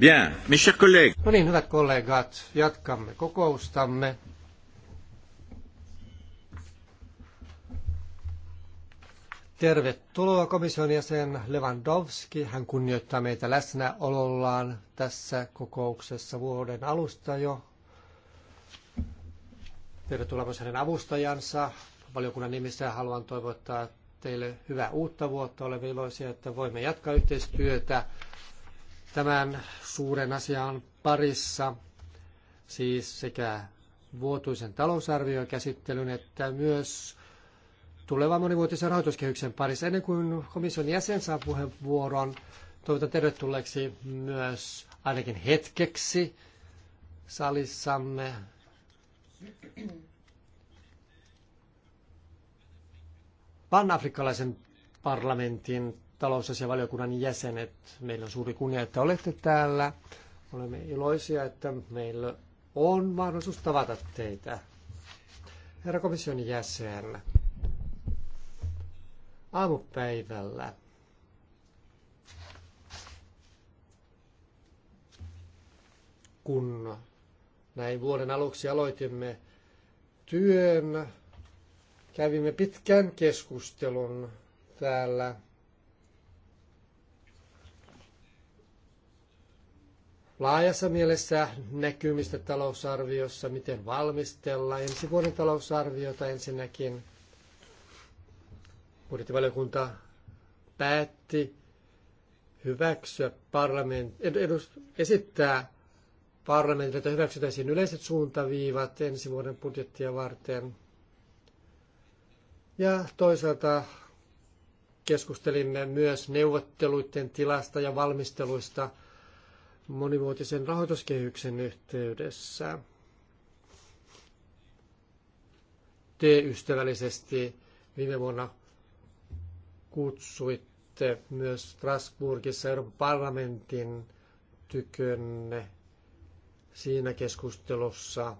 Bien, mes chers collègues. No niin, hyvät kollegat, jatkamme kokoustamme. Tervetuloa komission jäsen Lewandowski. Hän kunnioittaa meitä läsnäolollaan tässä kokouksessa vuoden alusta jo. Tervetuloa myös hänen avustajansa. Valiokunnan nimissä haluan toivottaa teille hyvää uutta vuotta. Olemme iloisia, että voimme jatkaa yhteistyötä tämän suuren asian parissa, siis sekä vuotuisen talousarvion käsittelyn että myös tulevan monivuotisen rahoituskehyksen parissa. Ennen kuin komission jäsen saa puheenvuoron, toivotan tervetulleeksi myös ainakin hetkeksi salissamme pan-afrikkalaisen parlamentin talousasiavaliokunnan jäsenet. Meillä on suuri kunnia, että olette täällä. Olemme iloisia, että meillä on mahdollisuus tavata teitä. Herra komission jäsen, aamupäivällä kun näin vuoden aluksi aloitimme työn, kävimme pitkän keskustelun täällä laajassa mielessä näkymistä talousarviossa, miten valmistella ensi vuoden talousarviota ensinnäkin. Budjettivaliokunta päätti hyväksyä parlament, edus, esittää parlamentille, että hyväksytäisiin yleiset suuntaviivat ensi vuoden budjettia varten. Ja toisaalta keskustelimme myös neuvotteluiden tilasta ja valmisteluista – monivuotisen rahoituskehyksen yhteydessä. Te ystävällisesti viime vuonna kutsuitte myös Strasbourgissa Euroopan parlamentin tykönne siinä keskustelussa.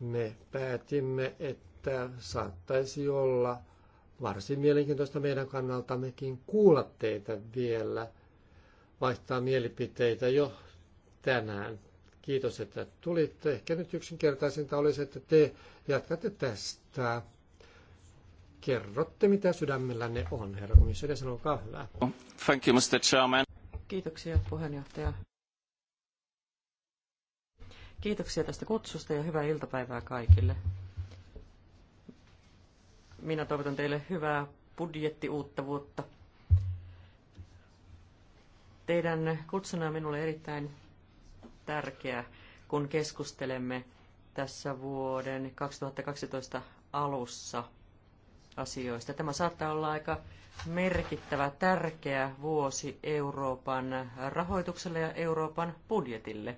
Me päätimme, että saattaisi olla varsin mielenkiintoista meidän kannaltammekin kuulla teitä vielä – vaihtaa mielipiteitä jo tänään. Kiitos, että tulitte. Ehkä nyt yksinkertaisinta olisi, että te jatkatte tästä. Kerrotte, mitä sydämellänne on, herra Ja sanokaa hyvää. Thank you, Mr. Chairman. Kiitoksia, puheenjohtaja. Kiitoksia tästä kutsusta ja hyvää iltapäivää kaikille. Minä toivotan teille hyvää budjettiuutta vuotta. Teidän kutsuna on minulle erittäin tärkeä, kun keskustelemme tässä vuoden 2012 alussa asioista. Tämä saattaa olla aika merkittävä, tärkeä vuosi Euroopan rahoitukselle ja Euroopan budjetille.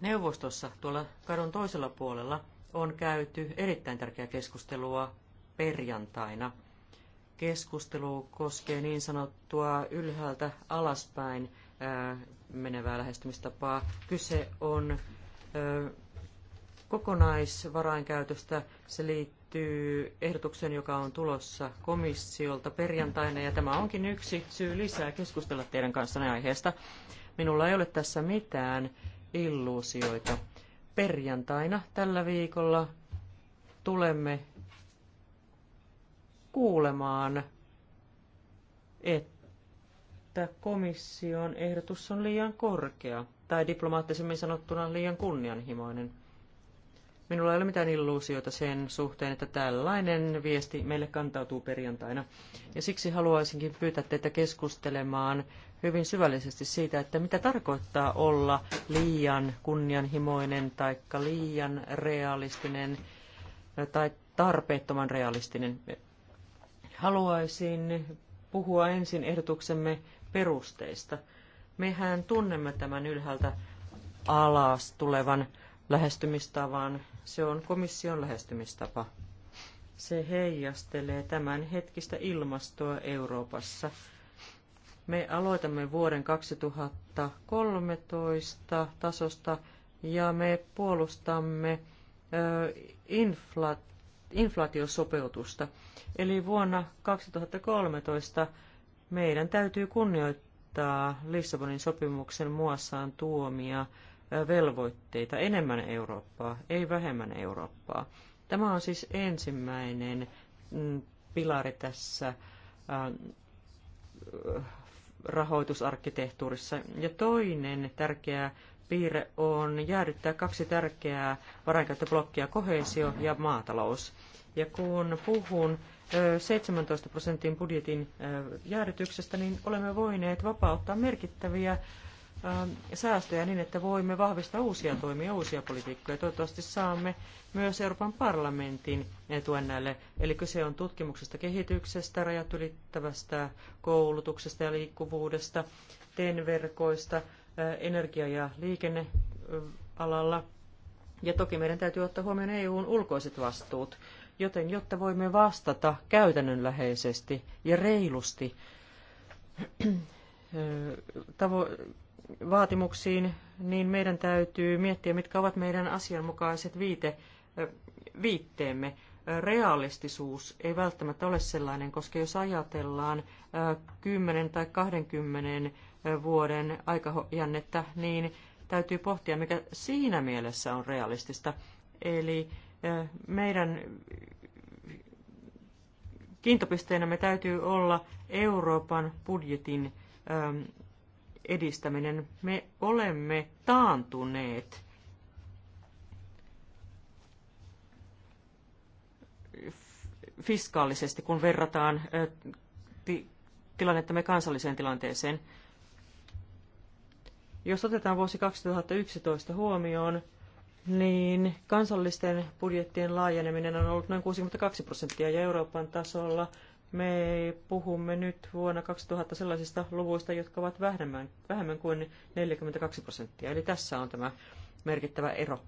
Neuvostossa tuolla kadun toisella puolella on käyty erittäin tärkeää keskustelua perjantaina keskustelu koskee niin sanottua ylhäältä alaspäin menevää lähestymistapaa. Kyse on kokonaisvarainkäytöstä. Se liittyy ehdotukseen, joka on tulossa komissiolta perjantaina, ja tämä onkin yksi syy lisää keskustella teidän kanssanne aiheesta. Minulla ei ole tässä mitään illuusioita. Perjantaina tällä viikolla tulemme kuulemaan, että komission ehdotus on liian korkea, tai diplomaattisemmin sanottuna liian kunnianhimoinen. Minulla ei ole mitään illuusioita sen suhteen, että tällainen viesti meille kantautuu perjantaina. Ja siksi haluaisinkin pyytää teitä keskustelemaan hyvin syvällisesti siitä, että mitä tarkoittaa olla liian kunnianhimoinen tai liian realistinen tai tarpeettoman realistinen. Haluaisin puhua ensin ehdotuksemme perusteista. Mehän tunnemme tämän ylhäältä alas tulevan lähestymistavan. Se on komission lähestymistapa. Se heijastelee tämän hetkistä ilmastoa Euroopassa. Me aloitamme vuoden 2013 tasosta ja me puolustamme inflat, inflaatiosopeutusta. Eli vuonna 2013 meidän täytyy kunnioittaa Lissabonin sopimuksen muassaan tuomia velvoitteita enemmän Eurooppaa, ei vähemmän Eurooppaa. Tämä on siis ensimmäinen mm, pilari tässä rahoitusarkkitehtuurissa. Ja toinen tärkeä piirre on jäädyttää kaksi tärkeää varainkäyttöblokkia, kohesio ja maatalous. Ja kun puhun 17 prosentin budjetin jäädytyksestä, niin olemme voineet vapauttaa merkittäviä säästöjä niin, että voimme vahvistaa uusia toimia, uusia politiikkoja. Toivottavasti saamme myös Euroopan parlamentin tuen näille. Eli kyse on tutkimuksesta, kehityksestä, rajat ylittävästä koulutuksesta ja liikkuvuudesta, TEN-verkoista, energia- ja liikennealalla. Ja toki meidän täytyy ottaa huomioon EUn ulkoiset vastuut, joten jotta voimme vastata käytännönläheisesti ja reilusti tavo- vaatimuksiin, niin meidän täytyy miettiä, mitkä ovat meidän asianmukaiset viite, viitteemme. Realistisuus ei välttämättä ole sellainen, koska jos ajatellaan 10 tai 20 vuoden aikajännettä, niin täytyy pohtia, mikä siinä mielessä on realistista. Eli meidän kiintopisteenä me täytyy olla Euroopan budjetin edistäminen. Me olemme taantuneet. fiskaalisesti, kun verrataan tilannettamme kansalliseen tilanteeseen. Jos otetaan vuosi 2011 huomioon, niin kansallisten budjettien laajeneminen on ollut noin 62 prosenttia ja Euroopan tasolla me puhumme nyt vuonna 2000 sellaisista luvuista, jotka ovat vähemmän, vähemmän kuin 42 prosenttia. Eli tässä on tämä merkittävä ero.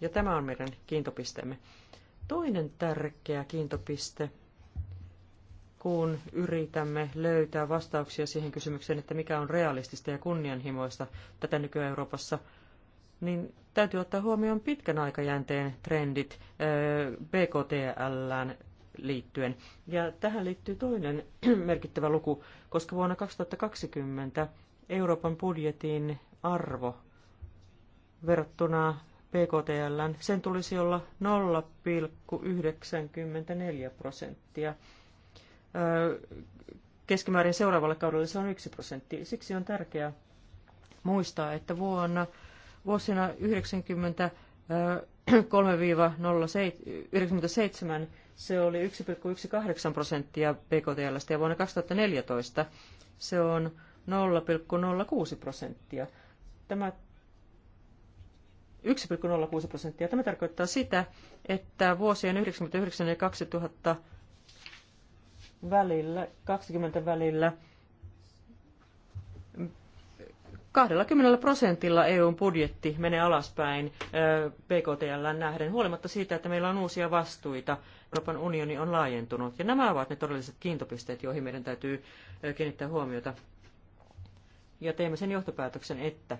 Ja tämä on meidän kiintopisteemme. Toinen tärkeä kiintopiste kun yritämme löytää vastauksia siihen kysymykseen, että mikä on realistista ja kunnianhimoista tätä nyky-Euroopassa, niin täytyy ottaa huomioon pitkän aikajänteen trendit BKTL liittyen. Ja tähän liittyy toinen merkittävä luku, koska vuonna 2020 Euroopan budjetin arvo verrattuna BKTL, sen tulisi olla 0,94 prosenttia keskimäärin seuraavalle kaudelle se on 1 prosentti. Siksi on tärkeää muistaa, että vuonna vuosina 90 3-97 se oli 1,18 prosenttia BKTL ja vuonna 2014 se on 0,06 prosenttia. Tämä 1,06 prosenttia. Tämä tarkoittaa sitä, että vuosien 1999 ja 2000 välillä, 20 välillä 20 prosentilla EUn budjetti menee alaspäin BKTL nähden, huolimatta siitä, että meillä on uusia vastuita. Euroopan unioni on laajentunut, ja nämä ovat ne todelliset kiintopisteet, joihin meidän täytyy kiinnittää huomiota. Ja teemme sen johtopäätöksen, että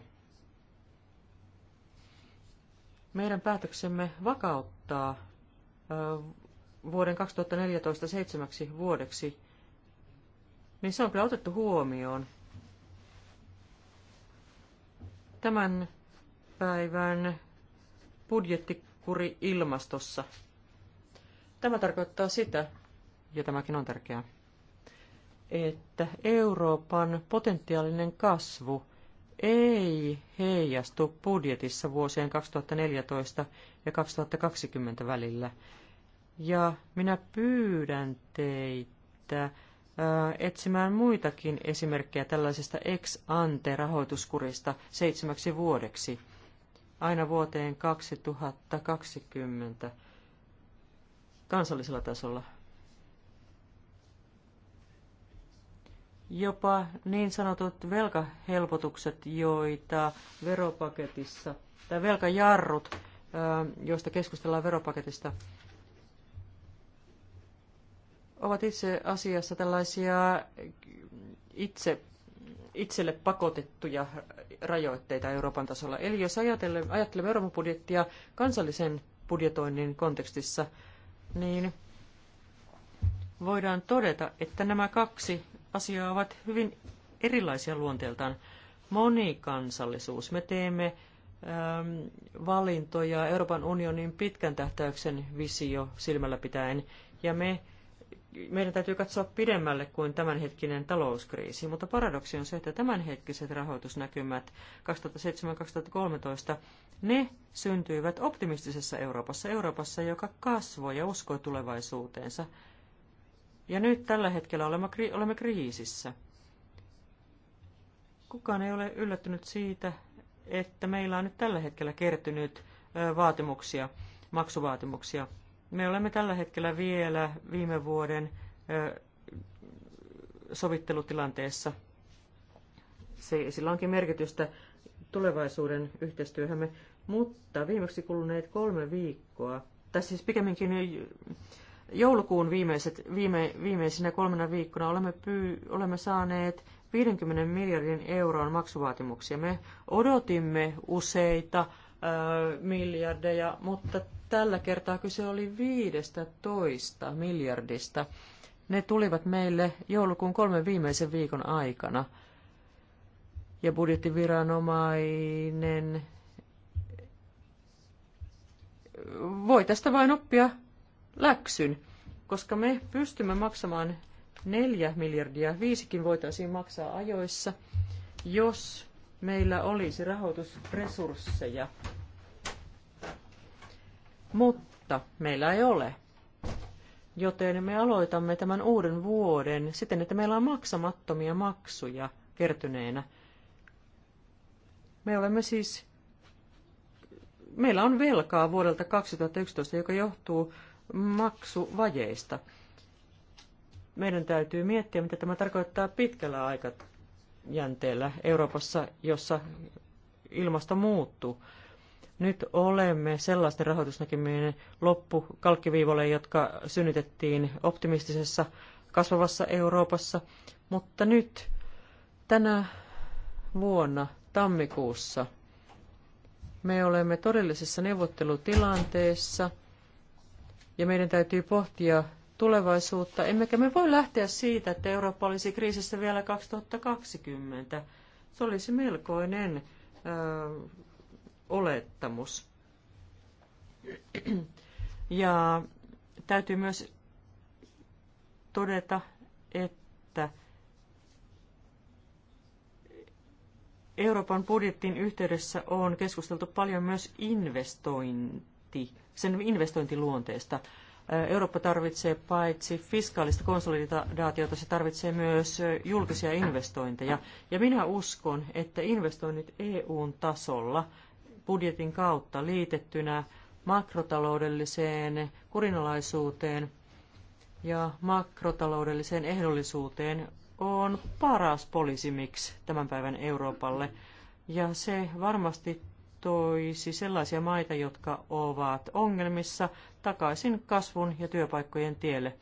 meidän päätöksemme vakauttaa vuoden 2014 seitsemäksi vuodeksi, niin se on kyllä otettu huomioon. Tämän päivän budjettikuri ilmastossa. Tämä tarkoittaa sitä, ja tämäkin on tärkeää, että Euroopan potentiaalinen kasvu ei heijastu budjetissa vuosien 2014 ja 2020 välillä – ja minä pyydän teitä etsimään muitakin esimerkkejä tällaisesta ex ante rahoituskurista seitsemäksi vuodeksi aina vuoteen 2020 kansallisella tasolla. Jopa niin sanotut velkahelpotukset, joita veropaketissa, tai velkajarrut, joista keskustellaan veropaketista, ovat itse asiassa tällaisia itse, itselle pakotettuja rajoitteita Euroopan tasolla. Eli jos ajatellaan, ajattelemme Euroopan budjettia kansallisen budjetoinnin kontekstissa, niin voidaan todeta, että nämä kaksi asiaa ovat hyvin erilaisia luonteeltaan. Monikansallisuus. Me teemme äm, valintoja Euroopan unionin pitkän tähtäyksen visio silmällä pitäen, ja me meidän täytyy katsoa pidemmälle kuin tämänhetkinen talouskriisi, mutta paradoksi on se, että tämänhetkiset rahoitusnäkymät 2007-2013, ne syntyivät optimistisessa Euroopassa, Euroopassa, joka kasvoi ja uskoi tulevaisuuteensa. Ja nyt tällä hetkellä olemme, olemme kriisissä. Kukaan ei ole yllättynyt siitä, että meillä on nyt tällä hetkellä kertynyt vaatimuksia, maksuvaatimuksia me olemme tällä hetkellä vielä viime vuoden sovittelutilanteessa. Se, sillä onkin merkitystä tulevaisuuden yhteistyöhämme, mutta viimeksi kuluneet kolme viikkoa, tai siis pikemminkin joulukuun viimeiset, viime, viimeisinä kolmena viikkona olemme, pyy, olemme saaneet 50 miljardin euron maksuvaatimuksia. Me odotimme useita miljardeja, mutta tällä kertaa kyse oli 15 miljardista. Ne tulivat meille joulukuun kolmen viimeisen viikon aikana. Ja budjettiviranomainen voi tästä vain oppia läksyn, koska me pystymme maksamaan neljä miljardia. Viisikin voitaisiin maksaa ajoissa, jos meillä olisi rahoitusresursseja, mutta meillä ei ole. Joten me aloitamme tämän uuden vuoden siten, että meillä on maksamattomia maksuja kertyneenä. Me olemme siis, meillä on velkaa vuodelta 2011, joka johtuu maksuvajeista. Meidän täytyy miettiä, mitä tämä tarkoittaa pitkällä aikavälillä jänteellä Euroopassa, jossa ilmasto muuttuu. Nyt olemme sellaisten rahoitusnäkymien kalkkiviivolle, jotka synnytettiin optimistisessa kasvavassa Euroopassa, mutta nyt tänä vuonna tammikuussa me olemme todellisessa neuvottelutilanteessa ja meidän täytyy pohtia tulevaisuutta. Emmekä me voi lähteä siitä, että Eurooppa olisi kriisissä vielä 2020. Se olisi melkoinen ö, olettamus. Ja täytyy myös todeta, että Euroopan budjettin yhteydessä on keskusteltu paljon myös investointi, sen investointiluonteesta. Eurooppa tarvitsee paitsi fiskaalista konsolidaatiota, se tarvitsee myös julkisia investointeja. Ja minä uskon, että investoinnit EUn tasolla budjetin kautta liitettynä makrotaloudelliseen kurinalaisuuteen ja makrotaloudelliseen ehdollisuuteen on paras poliisimiksi tämän päivän Euroopalle. Ja se varmasti toisi sellaisia maita, jotka ovat ongelmissa, takaisin kasvun ja työpaikkojen tielle.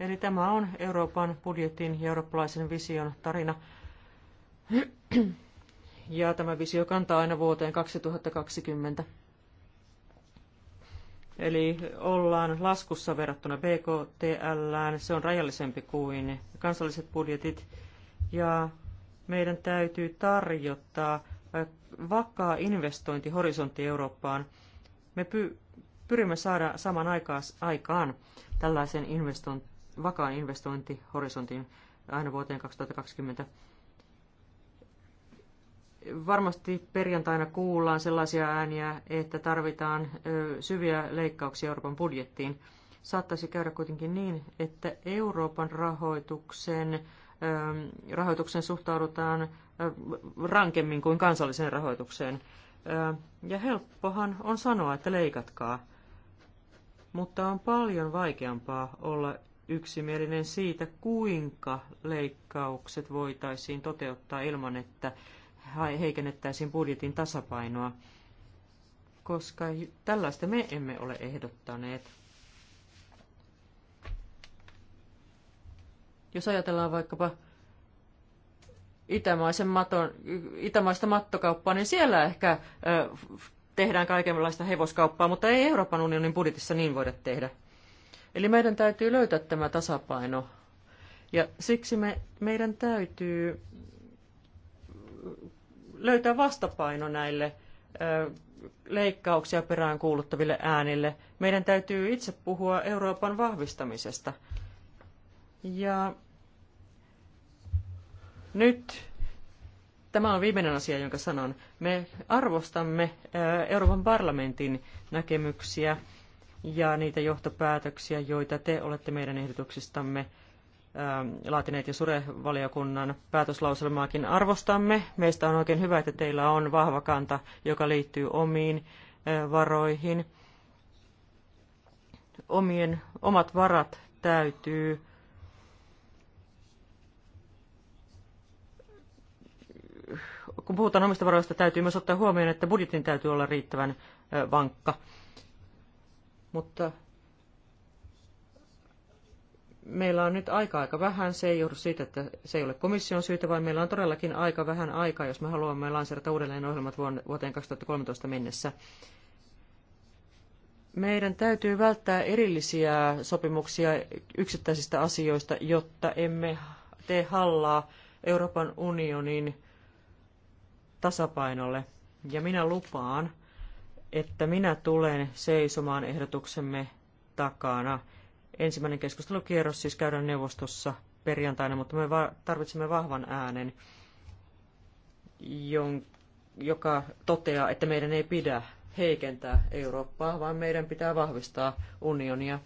Eli tämä on Euroopan budjetin ja eurooppalaisen vision tarina. Ja tämä visio kantaa aina vuoteen 2020. Eli ollaan laskussa verrattuna BKTL, se on rajallisempi kuin kansalliset budjetit, ja meidän täytyy tarjota Äh, vakaa investointi horisontti Eurooppaan. Me py, pyrimme saada saman aikaan tällaisen investoin, vakaan investointihorisontin aina vuoteen 2020. Varmasti perjantaina kuullaan sellaisia ääniä, että tarvitaan syviä leikkauksia Euroopan budjettiin. Saattaisi käydä kuitenkin niin, että Euroopan rahoituksen, rahoituksen suhtaudutaan rankemmin kuin kansalliseen rahoitukseen. Ja helppohan on sanoa, että leikatkaa. Mutta on paljon vaikeampaa olla yksimielinen siitä, kuinka leikkaukset voitaisiin toteuttaa ilman, että heikennettäisiin budjetin tasapainoa, koska tällaista me emme ole ehdottaneet. Jos ajatellaan vaikkapa itämaisen maton, itämaista mattokauppaa, niin siellä ehkä tehdään kaikenlaista hevoskauppaa, mutta ei Euroopan unionin budjetissa niin voida tehdä. Eli meidän täytyy löytää tämä tasapaino. Ja siksi me, meidän täytyy löytää vastapaino näille ö, leikkauksia perään kuuluttaville äänille. Meidän täytyy itse puhua Euroopan vahvistamisesta. Ja nyt tämä on viimeinen asia, jonka sanon. Me arvostamme Euroopan parlamentin näkemyksiä ja niitä johtopäätöksiä, joita te olette meidän ehdotuksistamme laatineet ja Sure-valiokunnan päätöslauselmaakin arvostamme. Meistä on oikein hyvä, että teillä on vahva kanta, joka liittyy omiin varoihin. Omien, omat varat täytyy kun puhutaan omista varoista, täytyy myös ottaa huomioon, että budjetin täytyy olla riittävän vankka. Mutta meillä on nyt aika aika vähän. Se ei johdu siitä, että se ei ole komission syytä, vaan meillä on todellakin aika vähän aikaa, jos me haluamme lanserata uudelleen ohjelmat vuoteen 2013 mennessä. Meidän täytyy välttää erillisiä sopimuksia yksittäisistä asioista, jotta emme tee hallaa Euroopan unionin tasapainolle. Ja minä lupaan, että minä tulen seisomaan ehdotuksemme takana. Ensimmäinen keskustelukierros siis käydään neuvostossa perjantaina, mutta me tarvitsemme vahvan äänen, joka toteaa, että meidän ei pidä heikentää Eurooppaa, vaan meidän pitää vahvistaa unionia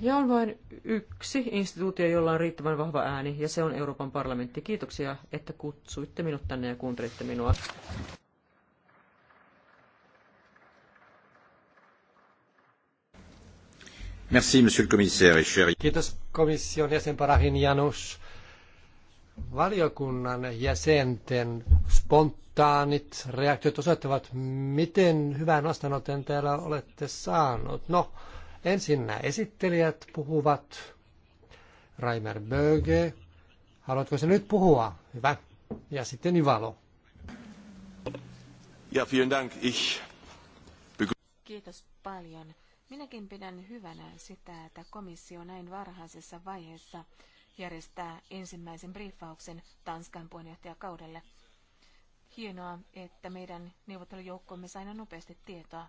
ja on vain yksi instituutio, jolla on riittävän vahva ääni, ja se on Euroopan parlamentti. Kiitoksia, että kutsuitte minut tänne ja kuuntelitte minua. Merci, monsieur le commissaire. Kiitos komission jäsen Parahin Janus. Valiokunnan jäsenten spontaanit reaktiot osoittavat, miten hyvän vastaanoton täällä olette saanut. No, Ensin nämä esittelijät puhuvat. Raimer Böge. Haluatko se nyt puhua? Hyvä. Ja sitten Ivalo. Ja, vielen dank. Ich... Kiitos paljon. Minäkin pidän hyvänä sitä, että komissio näin varhaisessa vaiheessa järjestää ensimmäisen briefauksen Tanskan puheenjohtajakaudelle. Hienoa, että meidän neuvottelujoukkomme sai nopeasti tietoa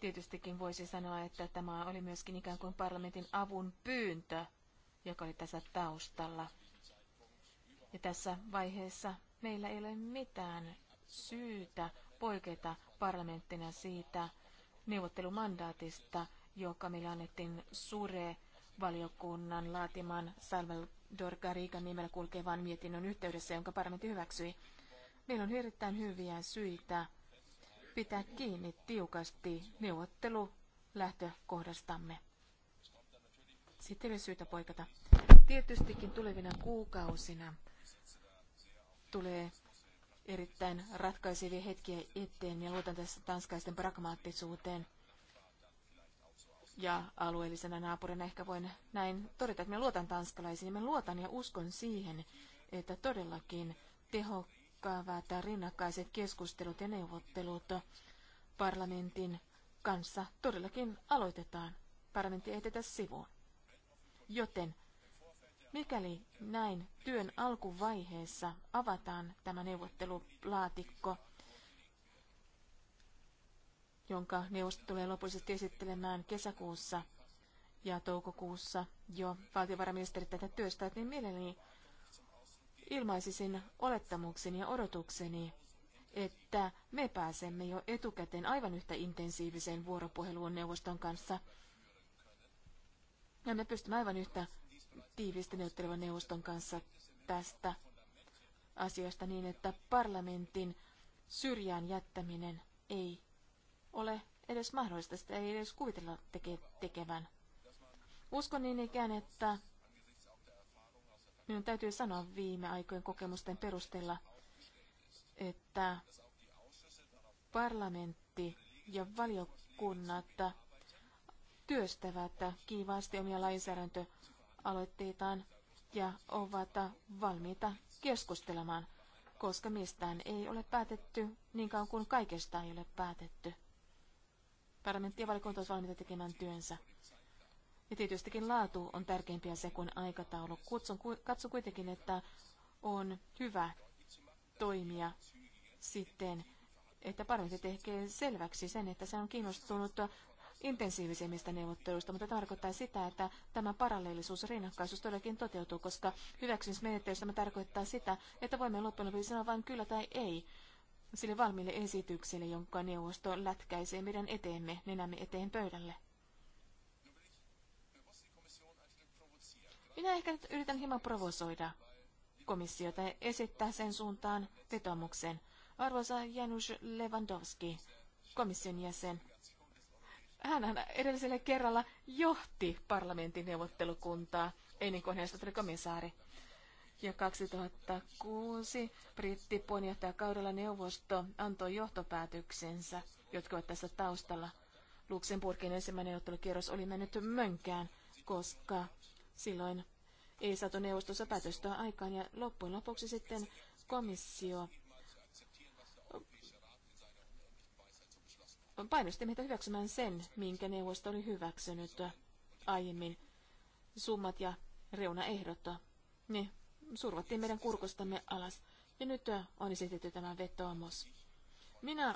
Tietystikin voisi sanoa, että tämä oli myöskin ikään kuin parlamentin avun pyyntö, joka oli tässä taustalla. Ja tässä vaiheessa meillä ei ole mitään syytä poiketa parlamenttina siitä neuvottelumandaatista, joka meillä annettiin SURE-valiokunnan laatiman Salvador Garrigan nimellä kulkevan mietinnön yhteydessä, jonka parlamentti hyväksyi. Meillä on erittäin hyviä syitä pitää kiinni tiukasti neuvottelu lähtökohdastamme. Sitten ei syytä poikata. Tietystikin tulevina kuukausina tulee erittäin ratkaisevia hetkiä eteen ja luotan tässä tanskaisten pragmaattisuuteen. Ja alueellisena naapurina ehkä voin näin todeta, että me luotan tanskalaisiin. Me luotan ja uskon siihen, että todellakin tehokkaasti uhkaavat rinnakkaiset keskustelut ja neuvottelut parlamentin kanssa todellakin aloitetaan. Parlamentti ei tätä sivuun. Joten mikäli näin työn alkuvaiheessa avataan tämä neuvottelulaatikko, jonka neuvosto tulee lopullisesti esittelemään kesäkuussa ja toukokuussa jo valtiovarainministeri tätä työstä, niin mielelläni ilmaisisin olettamukseni ja odotukseni, että me pääsemme jo etukäteen aivan yhtä intensiiviseen vuoropuheluun neuvoston kanssa. Ja me pystymme aivan yhtä tiiviisti neuvottelevan neuvoston kanssa tästä asiasta niin, että parlamentin syrjään jättäminen ei ole edes mahdollista, sitä ei edes kuvitella teke- tekevän. Uskon niin ikään, että Minun täytyy sanoa viime aikojen kokemusten perusteella, että parlamentti ja valiokunnat työstävät kiivaasti omia lainsäädäntöaloitteitaan ja ovat valmiita keskustelemaan, koska mistään ei ole päätetty niin kauan kuin kaikesta ei ole päätetty. Parlamentti ja valiokunta ovat valmiita tekemään työnsä. Ja tietystikin laatu on tärkeimpiä se kuin aikataulu. Kutsun, katso kuitenkin, että on hyvä toimia sitten, että parempi tekee selväksi sen, että se on kiinnostunut intensiivisemmistä neuvotteluista, mutta tarkoittaa sitä, että tämä paralleellisuus, rinnakkaisuus todellakin toteutuu, koska hyväksymismenettelystä tämä tarkoittaa sitä, että voimme loppujen lopuksi sanoa vain kyllä tai ei sille valmiille esityksille, jonka neuvosto lätkäisee meidän eteemme, nenämme eteen pöydälle. Minä ehkä nyt yritän hieman provosoida komissiota ja esittää sen suuntaan vetomuksen. Arvoisa Janusz Lewandowski, komission jäsen. Hän edellisellä kerralla johti parlamentin neuvottelukuntaa ennen kuin hänestä tuli komissaari. Ja 2006 britti kaudella neuvosto antoi johtopäätöksensä, jotka ovat tässä taustalla. Luxemburgin ensimmäinen neuvottelukierros oli mennyt mönkään, koska Silloin ei saatu neuvostossa päätöstä aikaan ja loppujen lopuksi sitten komissio painosti meitä hyväksymään sen, minkä neuvosto oli hyväksynyt aiemmin. Summat ja reunaehdot. Ne survattiin meidän kurkostamme alas ja nyt on esitetty tämä vetoomus. Minä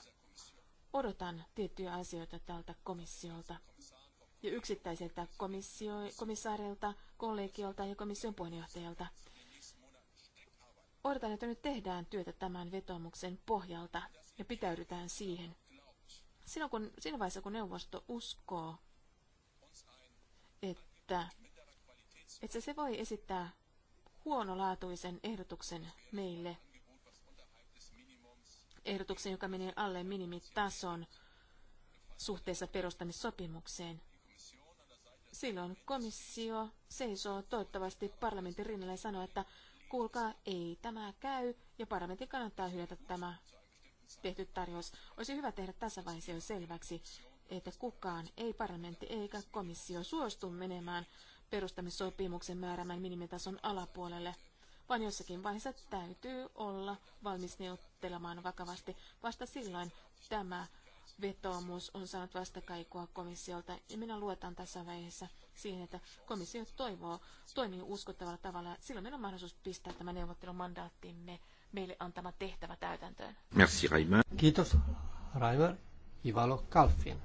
odotan tiettyjä asioita tältä komissiolta ja yksittäisiltä komissio, komissaarilta, kollegiolta ja komission puheenjohtajalta. Odotan, että nyt tehdään työtä tämän vetomuksen pohjalta ja pitäydytään siihen. Silloin kun, siinä vaiheessa, kun neuvosto uskoo, että, että se voi esittää huonolaatuisen ehdotuksen meille, ehdotuksen, joka menee alle minimitason suhteessa perustamissopimukseen, Silloin komissio seisoo toivottavasti parlamentin rinnalla ja sanoo, että kuulkaa, ei tämä käy, ja parlamentin kannattaa hylätä tämä tehty tarjous. Olisi hyvä tehdä tässä vaiheessa jo selväksi, että kukaan, ei parlamentti eikä komissio suostu menemään perustamissopimuksen määrämän minimitason alapuolelle, vaan jossakin vaiheessa täytyy olla valmis neuvottelemaan vakavasti. Vasta silloin tämä vetoomus on saanut vastakaikua komissiolta, ja minä luotan tässä vaiheessa siihen, että komissio toivoo, toimii uskottavalla tavalla. Silloin meillä on mahdollisuus pistää tämä neuvottelumandaattimme meille antama tehtävä täytäntöön. Merci, Raimer. Kiitos, Raimer. Ivalo Kalfin.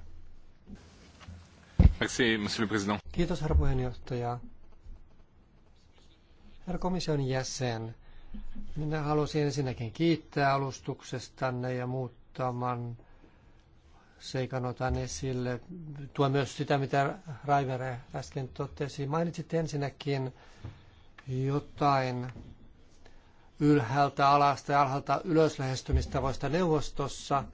Merci, monsieur le président. Kiitos, herra puheenjohtaja. Herra komission jäsen, minä haluaisin ensinnäkin kiittää alustuksestanne ja muuttaman seikan otan esille. Tuo myös sitä, mitä Raivere äsken totesi. Mainitsit ensinnäkin jotain ylhäältä alasta ja alhaalta ylös lähestymistavoista neuvostossa.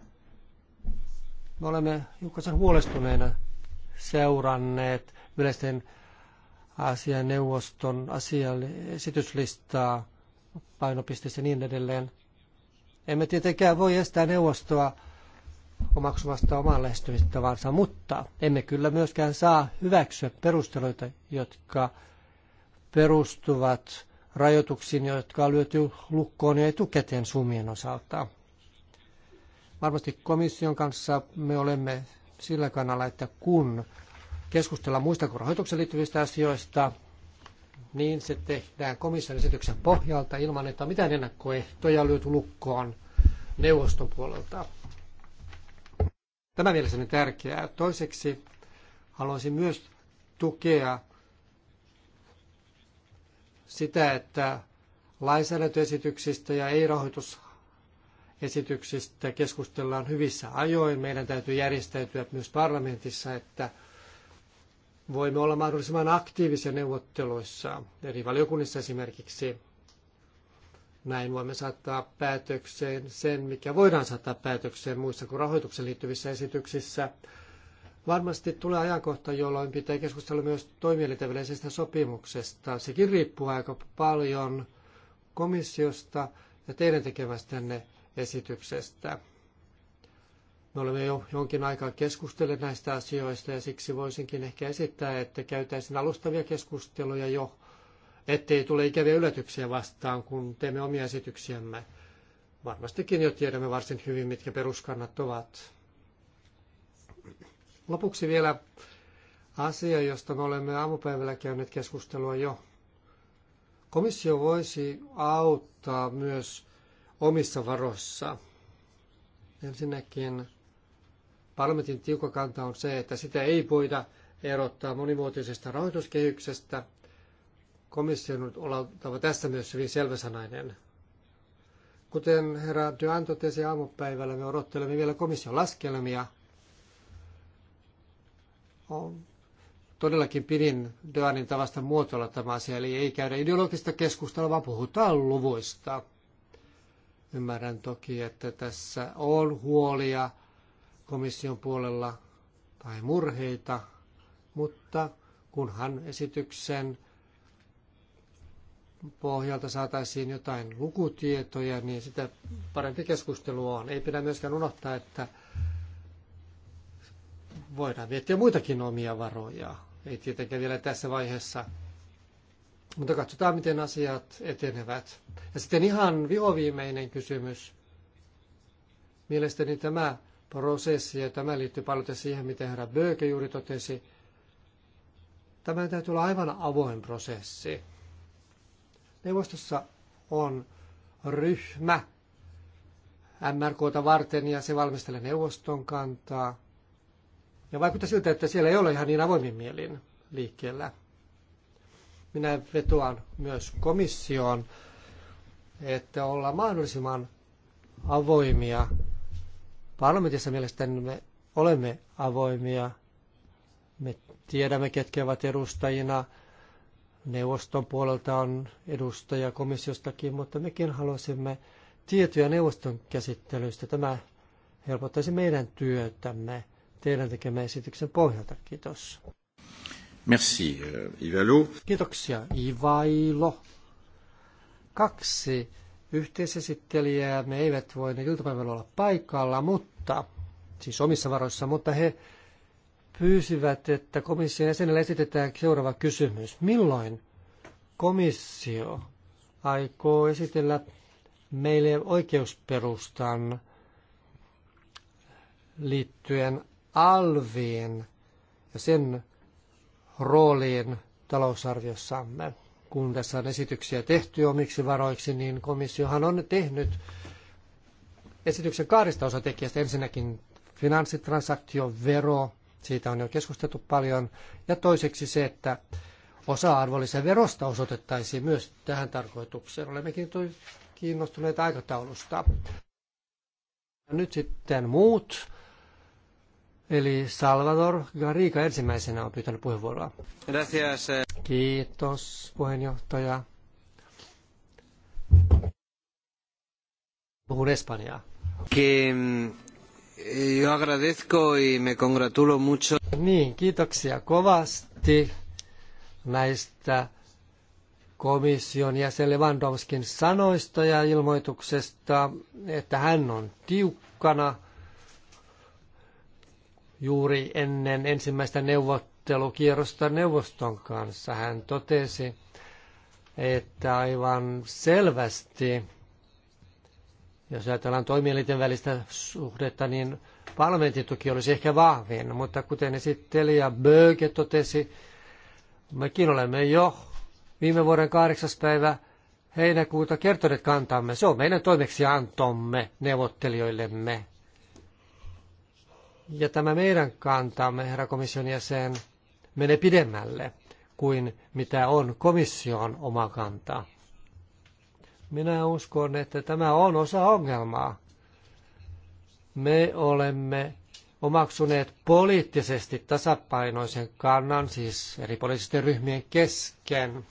Me olemme hiukan huolestuneena seuranneet yleisten asianeuvoston esityslistaa painopisteessä ja niin edelleen. Emme tietenkään voi estää neuvostoa omaksumasta oman lähestymistavansa, mutta emme kyllä myöskään saa hyväksyä perusteluita, jotka perustuvat rajoituksiin, jotka on lyöty lukkoon jo etukäteen sumien osalta. Varmasti komission kanssa me olemme sillä kannalla, että kun keskustellaan muista kuin rahoitukseen liittyvistä asioista, niin se tehdään komission esityksen pohjalta ilman, että on mitään ennakkoehtoja lyöty lukkoon neuvoston puolelta. Tämä mielestäni tärkeää. Toiseksi haluaisin myös tukea sitä, että lainsäädäntöesityksistä ja ei-rahoitusesityksistä keskustellaan hyvissä ajoin. Meidän täytyy järjestäytyä myös parlamentissa, että voimme olla mahdollisimman aktiivisia neuvotteluissa eri valiokunnissa esimerkiksi. Näin voimme saattaa päätökseen sen, mikä voidaan saattaa päätökseen muissa kuin rahoituksen liittyvissä esityksissä. Varmasti tulee ajankohta, jolloin pitää keskustella myös toimielintävälisestä sopimuksesta. Sekin riippuu aika paljon komissiosta ja teidän tekemästänne esityksestä. Me olemme jo jonkin aikaa keskustelleet näistä asioista ja siksi voisinkin ehkä esittää, että käytäisiin alustavia keskusteluja jo ettei tule ikäviä yllätyksiä vastaan, kun teemme omia esityksiämme. Varmastikin jo tiedämme varsin hyvin, mitkä peruskannat ovat. Lopuksi vielä asia, josta me olemme aamupäivällä käyneet keskustelua jo. Komissio voisi auttaa myös omissa varoissa. Ensinnäkin parlamentin tiukka kanta on se, että sitä ei voida erottaa monimuotoisesta rahoituskehyksestä – Komission on oltava tässä myös hyvin selväsanainen. Kuten herra Duan totesi aamupäivällä, me odottelemme vielä komission laskelmia. On. Todellakin pidin Duanin tavasta muotoilla tämä asia, eli ei käydä ideologista keskustelua, vaan puhutaan luvuista. Ymmärrän toki, että tässä on huolia komission puolella tai murheita, mutta kunhan esityksen pohjalta saataisiin jotain lukutietoja, niin sitä parempi keskustelu on. Ei pidä myöskään unohtaa, että voidaan miettiä muitakin omia varoja. Ei tietenkään vielä tässä vaiheessa. Mutta katsotaan, miten asiat etenevät. Ja sitten ihan vihoviimeinen kysymys. Mielestäni tämä prosessi, ja tämä liittyy paljon siihen, miten herra Böke juuri totesi, tämä täytyy olla aivan avoin prosessi. Neuvostossa on ryhmä MRKta varten ja se valmistelee neuvoston kantaa. Ja vaikuttaa siltä, että siellä ei ole ihan niin avoimin mielin liikkeellä. Minä vetoan myös komissioon, että ollaan mahdollisimman avoimia. Parlamentissa mielestäni me olemme avoimia. Me tiedämme, ketkä ovat edustajina Neuvoston puolelta on edustaja komissiostakin, mutta mekin haluaisimme tietoja neuvoston käsittelystä. Tämä helpottaisi meidän työtämme teidän tekemään esityksen pohjalta. Kiitos. Merci, euh, Ivalo. Kiitoksia, Ivailo. Kaksi yhteisesittelijää me eivät voi iltapäivällä olla paikalla, mutta siis omissa varoissa, mutta he pyysivät, että komission jäsenelle esitetään seuraava kysymys. Milloin komissio aikoo esitellä meille oikeusperustan liittyen alviin ja sen rooliin talousarviossamme. Kun tässä on esityksiä tehty omiksi varoiksi, niin komissiohan on tehnyt esityksen kahdesta osatekijästä. Ensinnäkin finanssitransaktiovero siitä on jo keskusteltu paljon. Ja toiseksi se, että osa arvonlisäverosta osoitettaisiin myös tähän tarkoitukseen. Olemmekin kiinnostuneita aikataulusta. Nyt sitten muut. Eli Salvador Garriga ensimmäisenä on pyytänyt puheenvuoroa. Gracias. Kiitos puheenjohtaja. Puhun Espanjaa. Que, mm, Yo agradezco y me congratulo mucho. Niin, kiitoksia kovasti näistä komission jäsen Lewandowskin sanoista ja ilmoituksesta, että hän on tiukkana juuri ennen ensimmäistä neuvottelukierrosta neuvoston kanssa. Hän totesi, että aivan selvästi jos ajatellaan toimielinten välistä suhdetta, niin parlamentin tuki olisi ehkä vahvin, mutta kuten esittelijä Böge totesi, mekin olemme jo viime vuoden 8. päivä heinäkuuta kertoneet kantamme. Se on meidän toimeksiantomme neuvottelijoillemme. Ja tämä meidän kantamme, herra komission jäsen, menee pidemmälle kuin mitä on komission oma kanta. Minä uskon, että tämä on osa ongelmaa. Me olemme omaksuneet poliittisesti tasapainoisen kannan, siis eri poliittisten ryhmien kesken,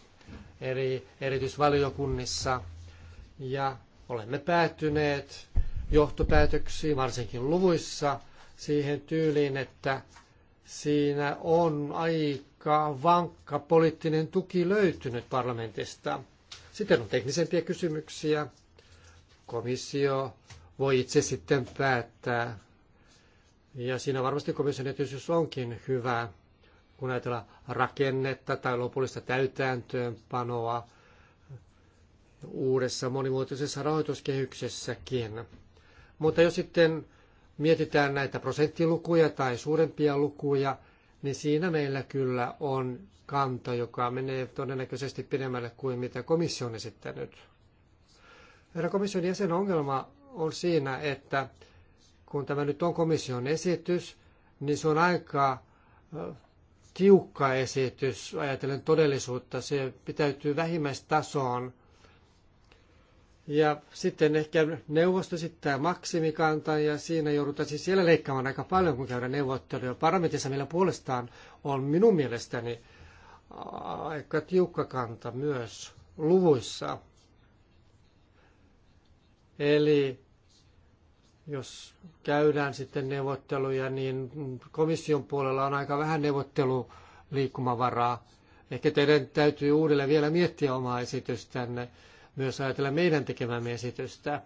eri erityisvaliokunnissa, ja olemme päätyneet johtopäätöksiin, varsinkin luvuissa, siihen tyyliin, että siinä on aika vankka poliittinen tuki löytynyt parlamentista – sitten on teknisempiä kysymyksiä. Komissio voi itse sitten päättää. Ja siinä varmasti komission etysyys onkin hyvä, kun ajatellaan rakennetta tai lopullista täytäntöönpanoa uudessa monimuotoisessa rahoituskehyksessäkin. Mutta jos sitten mietitään näitä prosenttilukuja tai suurempia lukuja, niin siinä meillä kyllä on kanta, joka menee todennäköisesti pidemmälle kuin mitä komissio on esittänyt. Herra komission jäsen ongelma on siinä, että kun tämä nyt on komission esitys, niin se on aika tiukka esitys ajatellen todellisuutta. Se pitäytyy vähimmäistasoon ja sitten ehkä neuvosto tämä maksimikanta ja siinä joudutaan siis siellä leikkaamaan aika paljon, kun käydään neuvotteluja. Parlamentissa meillä puolestaan on minun mielestäni aika tiukka kanta myös luvuissa. Eli jos käydään sitten neuvotteluja, niin komission puolella on aika vähän neuvotteluliikkumavaraa. Ehkä teidän täytyy uudelleen vielä miettiä omaa esitystänne myös ajatella meidän tekemämme esitystä.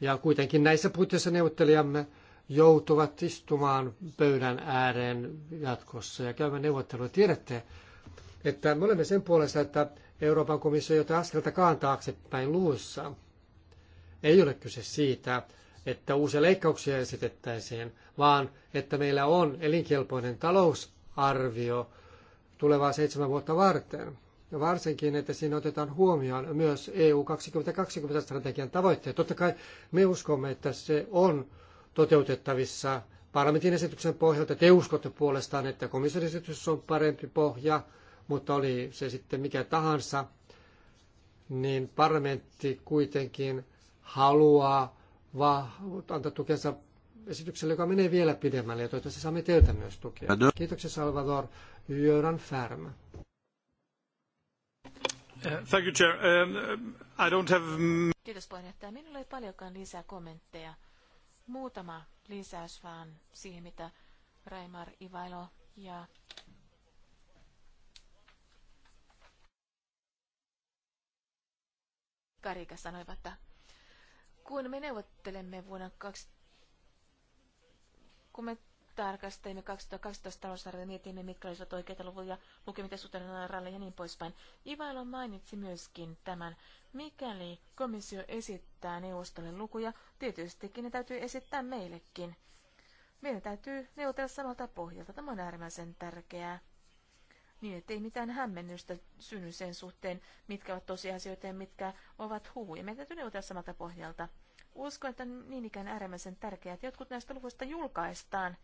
Ja kuitenkin näissä puitteissa neuvottelijamme joutuvat istumaan pöydän ääreen jatkossa ja käymään neuvottelua. Tiedätte, että me olemme sen puolesta, että Euroopan komissio askelta askeltakaan taaksepäin luussa, Ei ole kyse siitä, että uusia leikkauksia esitettäisiin, vaan että meillä on elinkelpoinen talousarvio tulevaa seitsemän vuotta varten ja varsinkin, että siinä otetaan huomioon myös EU 2020-strategian tavoitteet. Totta kai me uskomme, että se on toteutettavissa parlamentin esityksen pohjalta. Te uskotte puolestaan, että komission esitys on parempi pohja, mutta oli se sitten mikä tahansa, niin parlamentti kuitenkin haluaa antaa tukensa esitykselle, joka menee vielä pidemmälle, ja toivottavasti saamme teiltä myös tukea. Kiitoksia Salvador. Jöran Färm. Uh, thank you, Chair. Um, I don't have... Kiitos puheenjohtaja. Minulla ei paljonkaan lisää kommentteja. Muutama lisäys vaan siihen, mitä Raimar Ivailo ja Karika sanoivat, että kun me neuvottelemme vuonna 2000, kun me tarkastelimme 2012 talousarviota, mietimme, mitkä olisivat oikeita luvuja, lukemiten suhteellinen ralle ja niin poispäin. Ivailo mainitsi myöskin tämän, mikäli komissio esittää neuvostolle lukuja, tietystikin ne täytyy esittää meillekin. Meidän täytyy neuvotella samalta pohjalta. Tämä on äärimmäisen tärkeää. Niin, ettei mitään hämmennystä synny sen suhteen, mitkä ovat tosiasioita ja mitkä ovat huhuja. Meidän täytyy neuvotella samalta pohjalta. Uskon, että on niin ikään äärimmäisen tärkeää, että jotkut näistä luvuista julkaistaan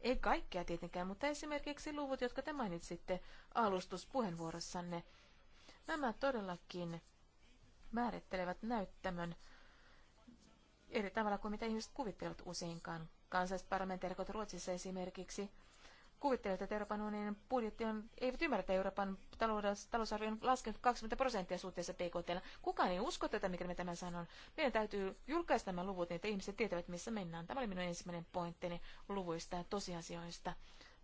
ei kaikkea tietenkään, mutta esimerkiksi luvut, jotka te mainitsitte alustuspuheenvuorossanne, nämä todellakin määrittelevät näyttämön eri tavalla kuin mitä ihmiset kuvittelevat useinkaan. Kansallisparlamentaarikot Ruotsissa esimerkiksi kuvittelee, että Euroopan unionin budjetti on, eivät ymmärrä, että Euroopan talousarvio on laskenut 20 prosenttia suhteessa BKT. Kukaan ei usko tätä, mikä me tämän sanon. Meidän täytyy julkaista nämä luvut, niin että ihmiset tietävät, missä mennään. Tämä oli minun ensimmäinen pointtini luvuista ja tosiasioista.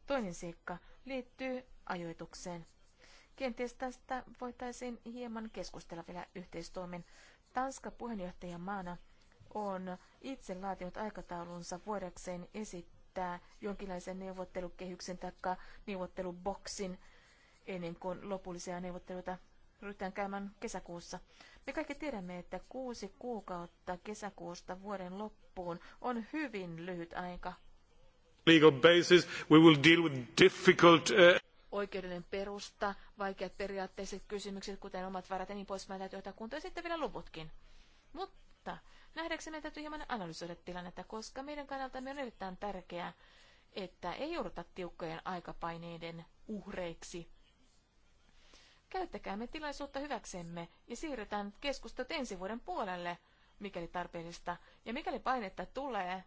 Toinen seikka liittyy ajoitukseen. Kenties tästä voitaisiin hieman keskustella vielä yhteistoimin. Tanska maana. on itse laatinut aikataulunsa voidakseen esittää käyttää jonkinlaisen neuvottelukehyksen tai neuvotteluboksin ennen kuin lopullisia neuvotteluita ryhdytään käymään kesäkuussa. Me kaikki tiedämme, että kuusi kuukautta kesäkuusta vuoden loppuun on hyvin lyhyt aika. Legal basis, we will deal with difficult, uh... Oikeudellinen perusta, vaikeat periaatteiset kysymykset, kuten omat varat ja niin poispäin, täytyy ottaa kuntoon ja sitten vielä luvutkin. Mutta Nähdäkseni täytyy hieman analysoida tilannetta, koska meidän kannaltamme on erittäin tärkeää, että ei jouduta tiukkojen aikapaineiden uhreiksi. Käyttäkäämme tilaisuutta hyväksemme ja siirretään keskustelut ensi vuoden puolelle, mikäli tarpeellista. Ja mikäli painetta tulee,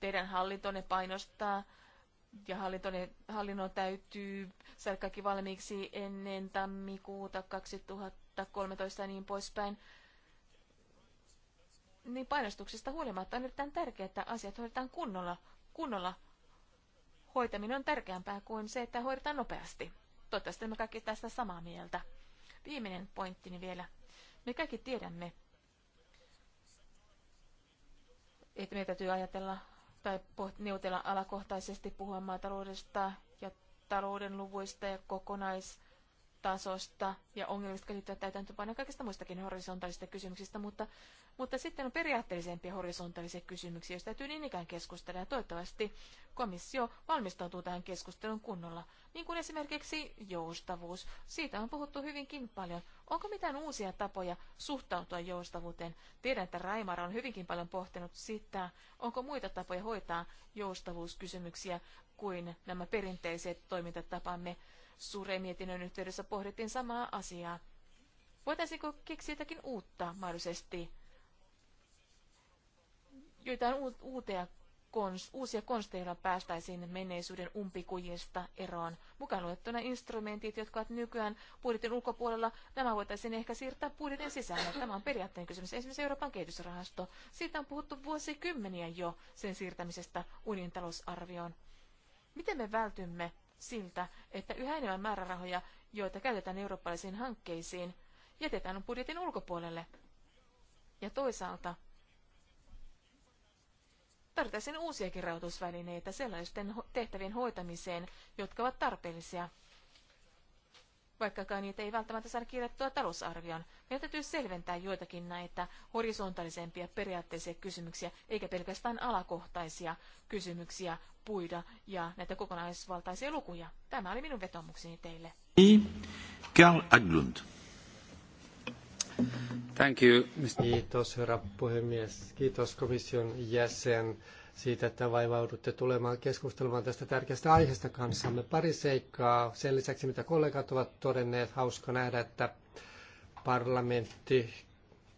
teidän hallintonne painostaa ja hallintonne, hallinnon täytyy saada kaikki valmiiksi ennen tammikuuta 2013 ja niin poispäin niin painostuksesta huolimatta on erittäin tärkeää, että asiat hoidetaan kunnolla. Kunnolla hoitaminen on tärkeämpää kuin se, että hoidetaan nopeasti. Toivottavasti me kaikki tästä samaa mieltä. Viimeinen pointtini vielä. Me kaikki tiedämme, että meidän täytyy ajatella tai neutella alakohtaisesti puhua maataloudesta ja talouden luvuista ja kokonaistasosta ja ongelmista käsittää täytäntöpanoon kaikista muistakin horisontaalisista kysymyksistä, mutta mutta sitten on periaatteellisempia horisontaalisia kysymyksiä, joista täytyy niin ikään keskustella. Ja toivottavasti komissio valmistautuu tähän keskustelun kunnolla. Niin kuin esimerkiksi joustavuus. Siitä on puhuttu hyvinkin paljon. Onko mitään uusia tapoja suhtautua joustavuuteen? Tiedän, että Raimar on hyvinkin paljon pohtinut sitä, onko muita tapoja hoitaa joustavuuskysymyksiä kuin nämä perinteiset toimintatapamme. mietinnön yhteydessä pohdittiin samaa asiaa. Voitaisiinko keksiä jotakin uutta mahdollisesti joitain uuteja kons, uusia konsteilla päästäisiin menneisyyden umpikujista eroon. Mukaan luettuna instrumentit, jotka ovat nykyään budjetin ulkopuolella, nämä voitaisiin ehkä siirtää budjetin sisään. Tämä on periaatteen kysymys. Esimerkiksi Euroopan kehitysrahasto. Siitä on puhuttu vuosikymmeniä jo sen siirtämisestä unionin talousarvioon. Miten me vältymme siltä, että yhä enemmän määrärahoja, joita käytetään eurooppalaisiin hankkeisiin, jätetään budjetin ulkopuolelle? Ja toisaalta tarvitaan uusiakin rahoitusvälineitä sellaisten tehtävien hoitamiseen, jotka ovat tarpeellisia vaikkakaan niitä ei välttämättä saada kirjattua talousarvioon. Meidän täytyy selventää joitakin näitä horisontaalisempia periaatteisia kysymyksiä, eikä pelkästään alakohtaisia kysymyksiä puida ja näitä kokonaisvaltaisia lukuja. Tämä oli minun vetomukseni teille. Niin, Karl Aglund. Thank you. Kiitos herra puhemies. Kiitos komission jäsen siitä, että vaivaudutte tulemaan keskustelemaan tästä tärkeästä aiheesta kanssamme. Pari seikkaa sen lisäksi, mitä kollegat ovat todenneet. Hauska nähdä, että parlamentti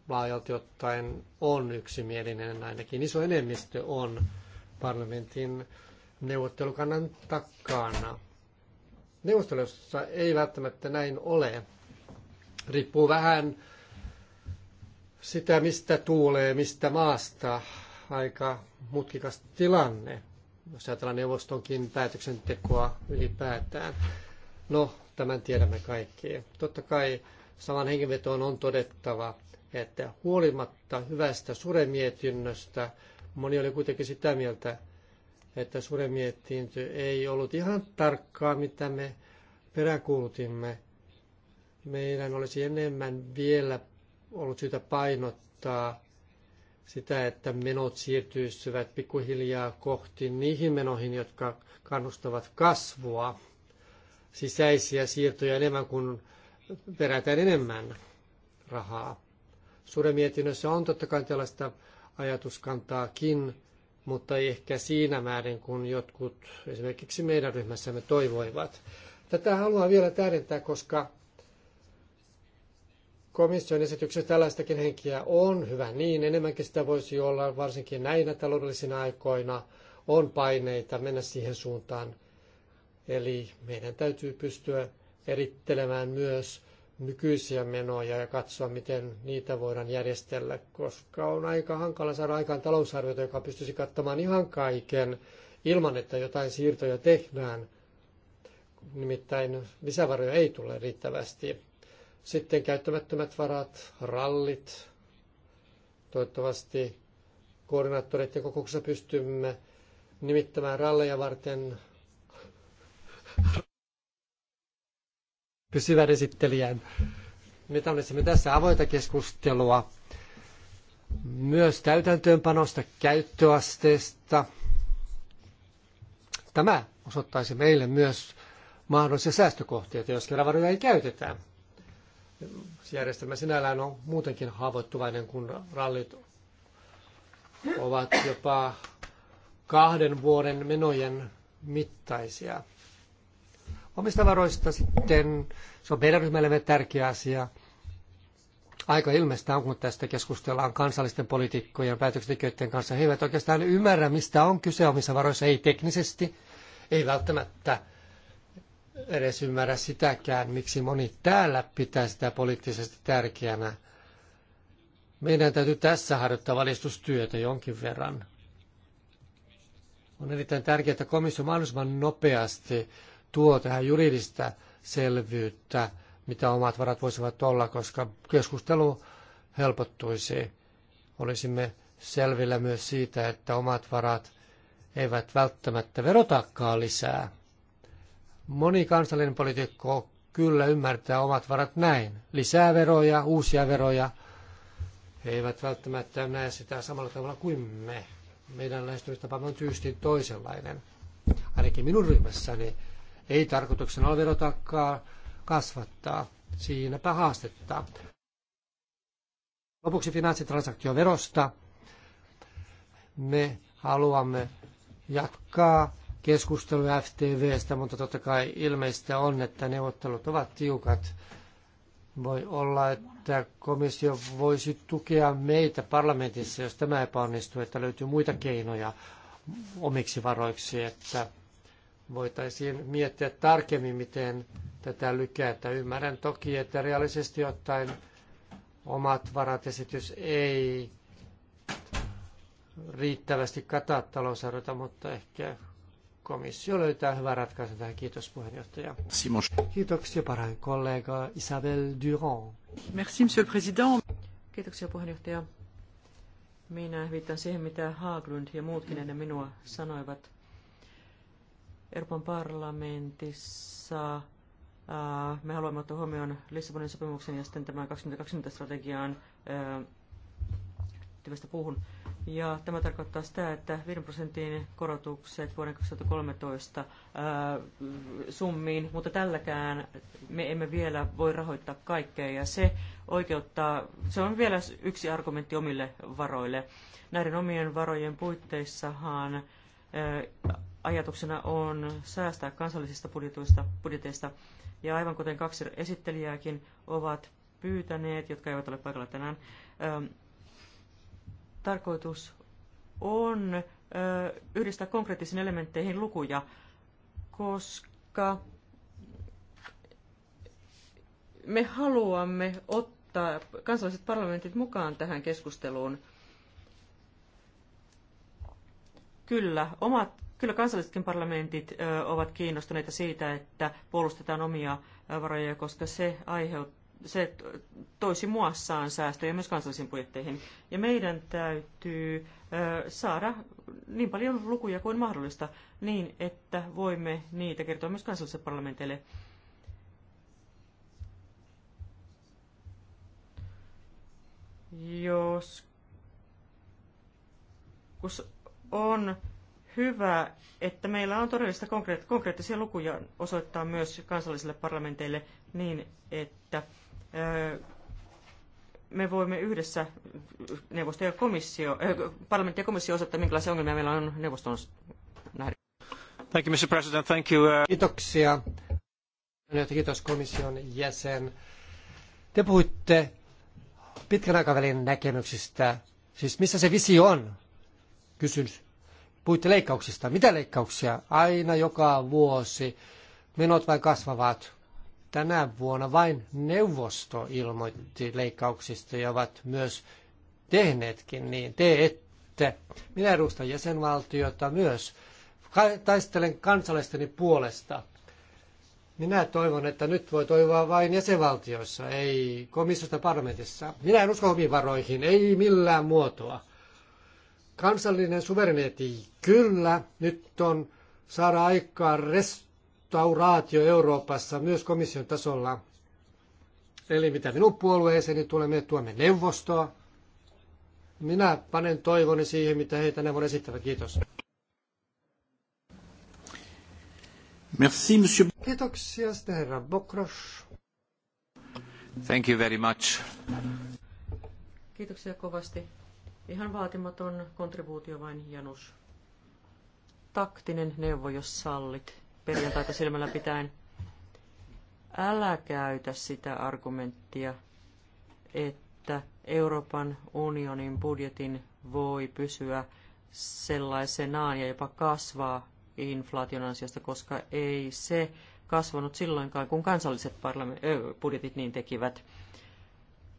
laajalti ottaen on yksimielinen, ainakin iso enemmistö on parlamentin neuvottelukannan takana. Neuvottelussa ei välttämättä näin ole. Riippuu vähän sitä, mistä tuulee, mistä maasta. Aika mutkikas tilanne, jos ajatellaan neuvostonkin päätöksentekoa ylipäätään. No, tämän tiedämme kaikki. Totta kai saman hengenvetoon on todettava, että huolimatta hyvästä suremietinnöstä, moni oli kuitenkin sitä mieltä, että suremietintö ei ollut ihan tarkkaa, mitä me peräkuulutimme. Meidän olisi enemmän vielä ollut syytä painottaa sitä, että menot siirtyisivät pikkuhiljaa kohti niihin menoihin, jotka kannustavat kasvua, sisäisiä siirtoja enemmän kuin perätään enemmän rahaa. Suuren mietinnössä on totta kai tällaista ajatuskantaakin, mutta ei ehkä siinä määrin, kun jotkut esimerkiksi meidän ryhmässämme toivoivat. Tätä haluan vielä täydentää, koska komission esityksessä tällaistakin henkiä on, hyvä niin, enemmänkin sitä voisi olla, varsinkin näinä taloudellisina aikoina on paineita mennä siihen suuntaan. Eli meidän täytyy pystyä erittelemään myös nykyisiä menoja ja katsoa, miten niitä voidaan järjestellä, koska on aika hankala saada aikaan talousarviota, joka pystyisi kattamaan ihan kaiken ilman, että jotain siirtoja tehdään. Nimittäin lisävaroja ei tule riittävästi. Sitten käyttämättömät varat, rallit. Toivottavasti koordinaattoreiden kokouksessa pystymme nimittämään ralleja varten pysyvän esittelijän. Me tarvitsemme tässä avoita keskustelua myös täytäntöönpanosta, käyttöasteesta. Tämä osoittaisi meille myös mahdollisia säästökohteita, jos kerran varoja ei käytetä järjestelmä sinällään on muutenkin haavoittuvainen, kun rallit ovat jopa kahden vuoden menojen mittaisia. Omista varoista sitten, se on meidän ryhmällemme tärkeä asia. Aika ilmeistä on, kun tästä keskustellaan kansallisten poliitikkojen päätöksentekijöiden kanssa. He eivät oikeastaan ymmärrä, mistä on kyse omissa varoissa, ei teknisesti, ei välttämättä edes ymmärrä sitäkään, miksi moni täällä pitää sitä poliittisesti tärkeänä. Meidän täytyy tässä harjoittaa valistustyötä jonkin verran. On erittäin tärkeää, että komissio mahdollisimman nopeasti tuo tähän juridista selvyyttä, mitä omat varat voisivat olla, koska keskustelu helpottuisi. Olisimme selvillä myös siitä, että omat varat eivät välttämättä verotaakkaa lisää. Moni kansallinen poliitikko kyllä ymmärtää omat varat näin. Lisää veroja, uusia veroja. He eivät välttämättä näe sitä samalla tavalla kuin me. Meidän lähestymistapamme on tyysti toisenlainen. Ainakin minun ryhmässäni ei tarkoituksena ole verotakkaa kasvattaa. Siinäpä haastetta. Lopuksi finanssitransaktioverosta. Me haluamme jatkaa keskustelu FTVstä, mutta totta kai ilmeistä on, että neuvottelut ovat tiukat. Voi olla, että komissio voisi tukea meitä parlamentissa, jos tämä epäonnistuu, että löytyy muita keinoja omiksi varoiksi, että voitaisiin miettiä tarkemmin, miten tätä lykätä. Ymmärrän toki, että realisesti ottaen omat varat esitys ei riittävästi kata talousarviota, mutta ehkä komissio löytää hyvän ratkaisun tähän. Kiitos puheenjohtaja. Simos. Kiitoksia parhaan kollega Isabel Durand. Merci, monsieur le président. Kiitoksia puheenjohtaja. Minä viittaan siihen, mitä Haaglund ja muutkin ennen minua sanoivat. Euroopan parlamentissa äh, me haluamme ottaa huomioon Lissabonin sopimuksen ja sitten tämän 2020 strategiaan liittyvästä äh, puuhun. Ja tämä tarkoittaa sitä, että 5 prosentin korotukset vuoden 2013 ää, summiin, mutta tälläkään me emme vielä voi rahoittaa kaikkea ja se oikeuttaa, se on vielä yksi argumentti omille varoille. Näiden omien varojen puitteissahan ää, ajatuksena on säästää kansallisista budjetuista, budjeteista ja aivan kuten kaksi esittelijääkin ovat pyytäneet, jotka eivät ole paikalla tänään, ää, tarkoitus on yhdistää konkreettisiin elementteihin lukuja, koska me haluamme ottaa kansalliset parlamentit mukaan tähän keskusteluun. Kyllä, omat, kyllä kansallisetkin parlamentit ovat kiinnostuneita siitä, että puolustetaan omia varoja, koska se aiheuttaa se toisi muassaan säästöjä myös kansallisiin budjetteihin. Ja meidän täytyy saada niin paljon lukuja kuin mahdollista niin, että voimme niitä kertoa myös kansallisille parlamenteille. Jos on hyvä, että meillä on todellista konkreettisia lukuja osoittaa myös kansallisille parlamenteille niin, että me voimme yhdessä neuvosto ja komissio, äh, parlamentti ja komissio osoittaa, minkälaisia ongelmia meillä on neuvoston nähden. Thank you, Mr. President. Thank you. Uh... Kiitoksia. Kiitos komission jäsen. Te puhuitte pitkän aikavälin näkemyksistä. Siis missä se visio on? Kysyn. Puhuitte leikkauksista. Mitä leikkauksia? Aina joka vuosi menot vain kasvavat. Tänä vuonna vain neuvosto ilmoitti leikkauksista ja ovat myös tehneetkin niin. Te ette. Minä edustan jäsenvaltiota myös. Taistelen kansalaisteni puolesta. Minä toivon, että nyt voi toivoa vain jäsenvaltioissa, ei komissiosta parlamentissa. Minä en usko omiin varoihin, ei millään muotoa. Kansallinen suvereniteetti, kyllä, nyt on saada aikaan res- restauraatio Euroopassa myös komission tasolla. Eli mitä minun puolueeseeni tulee, me tuomme neuvostoa. Minä panen toivoni siihen, mitä he tänään vuonna esittävät. Kiitos. Merci, monsieur. Kiitoksia, herra Bokros. Thank you very much. Kiitoksia kovasti. Ihan vaatimaton kontribuutio vain, Janus. Taktinen neuvo, jos sallit perjantaita silmällä pitäen. Älä käytä sitä argumenttia, että Euroopan unionin budjetin voi pysyä sellaisenaan ja jopa kasvaa inflaation ansiosta, koska ei se kasvanut silloinkaan, kun kansalliset parlament- budjetit niin tekivät.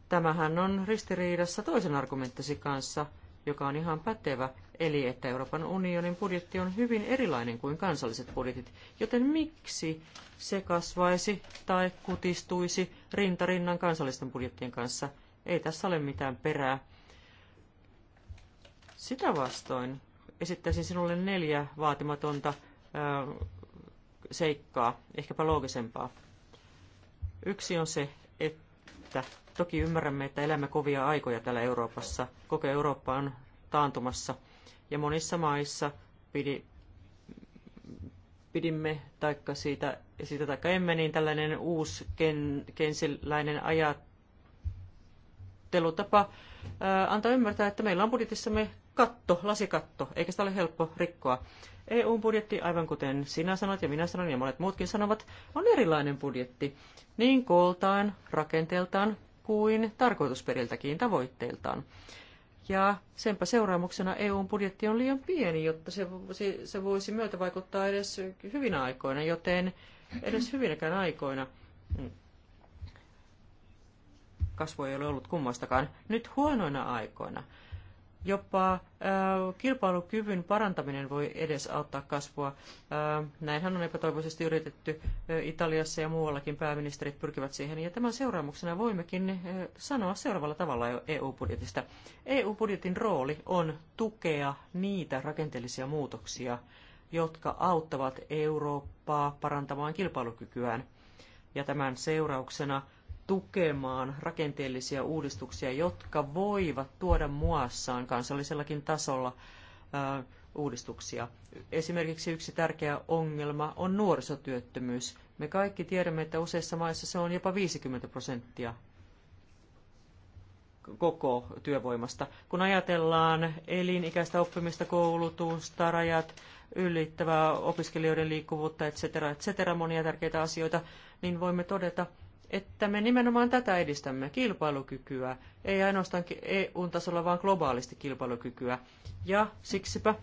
Tämähän on ristiriidassa toisen argumenttisi kanssa, joka on ihan pätevä eli että Euroopan unionin budjetti on hyvin erilainen kuin kansalliset budjetit, joten miksi se kasvaisi tai kutistuisi rintarinnan kansallisten budjettien kanssa? Ei tässä ole mitään perää. Sitä vastoin esittäisin sinulle neljä vaatimatonta ö, seikkaa, ehkäpä loogisempaa. Yksi on se, että toki ymmärrämme, että elämme kovia aikoja täällä Euroopassa. Koko Eurooppa on taantumassa – ja monissa maissa pidi, pidimme taikka siitä, siitä taikka emme, niin tällainen uusi ken, kensiläinen ajattelutapa ää, antaa ymmärtää, että meillä on budjetissamme katto, lasikatto, eikä sitä ole helppo rikkoa. EU-budjetti, aivan kuten sinä sanot ja minä sanon ja monet muutkin sanovat, on erilainen budjetti, niin kooltaan, rakenteeltaan kuin tarkoitusperiltäkin tavoitteiltaan. Ja senpä seuraamuksena EUn budjetti on liian pieni, jotta se, se, se voisi myötä vaikuttaa edes hyvinä aikoina, joten edes hyvinäkään aikoina mm. kasvu ei ole ollut kummastakaan. Nyt huonoina aikoina Jopa kilpailukyvyn parantaminen voi edesauttaa kasvua. Näinhän on epätoivoisesti yritetty Italiassa ja muuallakin. Pääministerit pyrkivät siihen. Ja tämän seuraamuksena voimmekin sanoa seuraavalla tavalla EU-budjetista. EU-budjetin rooli on tukea niitä rakenteellisia muutoksia, jotka auttavat Eurooppaa parantamaan kilpailukykyään. Ja tämän seurauksena – tukemaan rakenteellisia uudistuksia, jotka voivat tuoda muassaan kansallisellakin tasolla uudistuksia. Esimerkiksi yksi tärkeä ongelma on nuorisotyöttömyys. Me kaikki tiedämme, että useissa maissa se on jopa 50 prosenttia koko työvoimasta. Kun ajatellaan elinikäistä oppimista, koulutusta, rajat, ylittävää opiskelijoiden liikkuvuutta, etc., etc., monia tärkeitä asioita, niin voimme todeta, että me nimenomaan tätä edistämme, kilpailukykyä, ei ainoastaan EU-tasolla, vaan globaalisti kilpailukykyä. Ja siksipä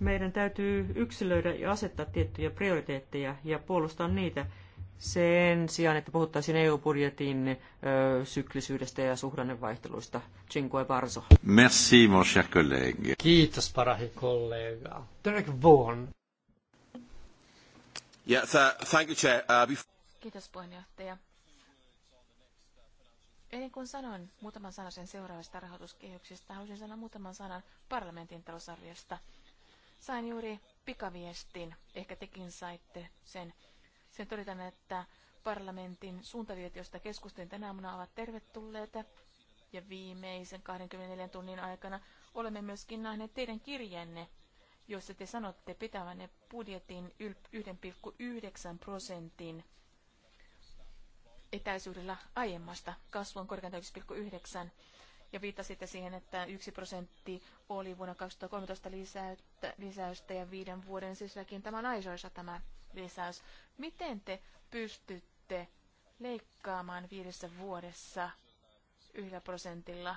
meidän täytyy yksilöidä ja asettaa tiettyjä prioriteetteja ja puolustaa niitä sen sijaan, että puhuttaisiin EU-budjetin ö, syklisyydestä ja suhdannevaihteluista. Cinque Barso. Merci, mon cher collègue. Kiitos, parahi kollega. Derek Vaughan. Yeah, thank you, Chair. Uh, before... Kiitos puheenjohtaja. Ennen kuin sanoin muutaman sanan sen seuraavista rahoituskehyksistä, haluaisin sanoa muutaman sanan parlamentin talousarviosta. Sain juuri pikaviestin, ehkä tekin saitte sen. Sen todetaan, että parlamentin suuntaviet, joista keskustelin tänä aamuna, ovat tervetulleita. Ja viimeisen 24 tunnin aikana olemme myöskin nähneet teidän kirjenne, jossa te sanotte pitävänne budjetin 1,9 prosentin etäisyydellä aiemmasta. Kasvu on korkeintaan 1,9 ja viittasitte siihen, että 1 prosentti oli vuonna 2013 lisäyttä, lisäystä ja viiden vuoden sisälläkin tämä on aisoissa tämä lisäys. Miten te pystytte leikkaamaan viidessä vuodessa yhdellä prosentilla?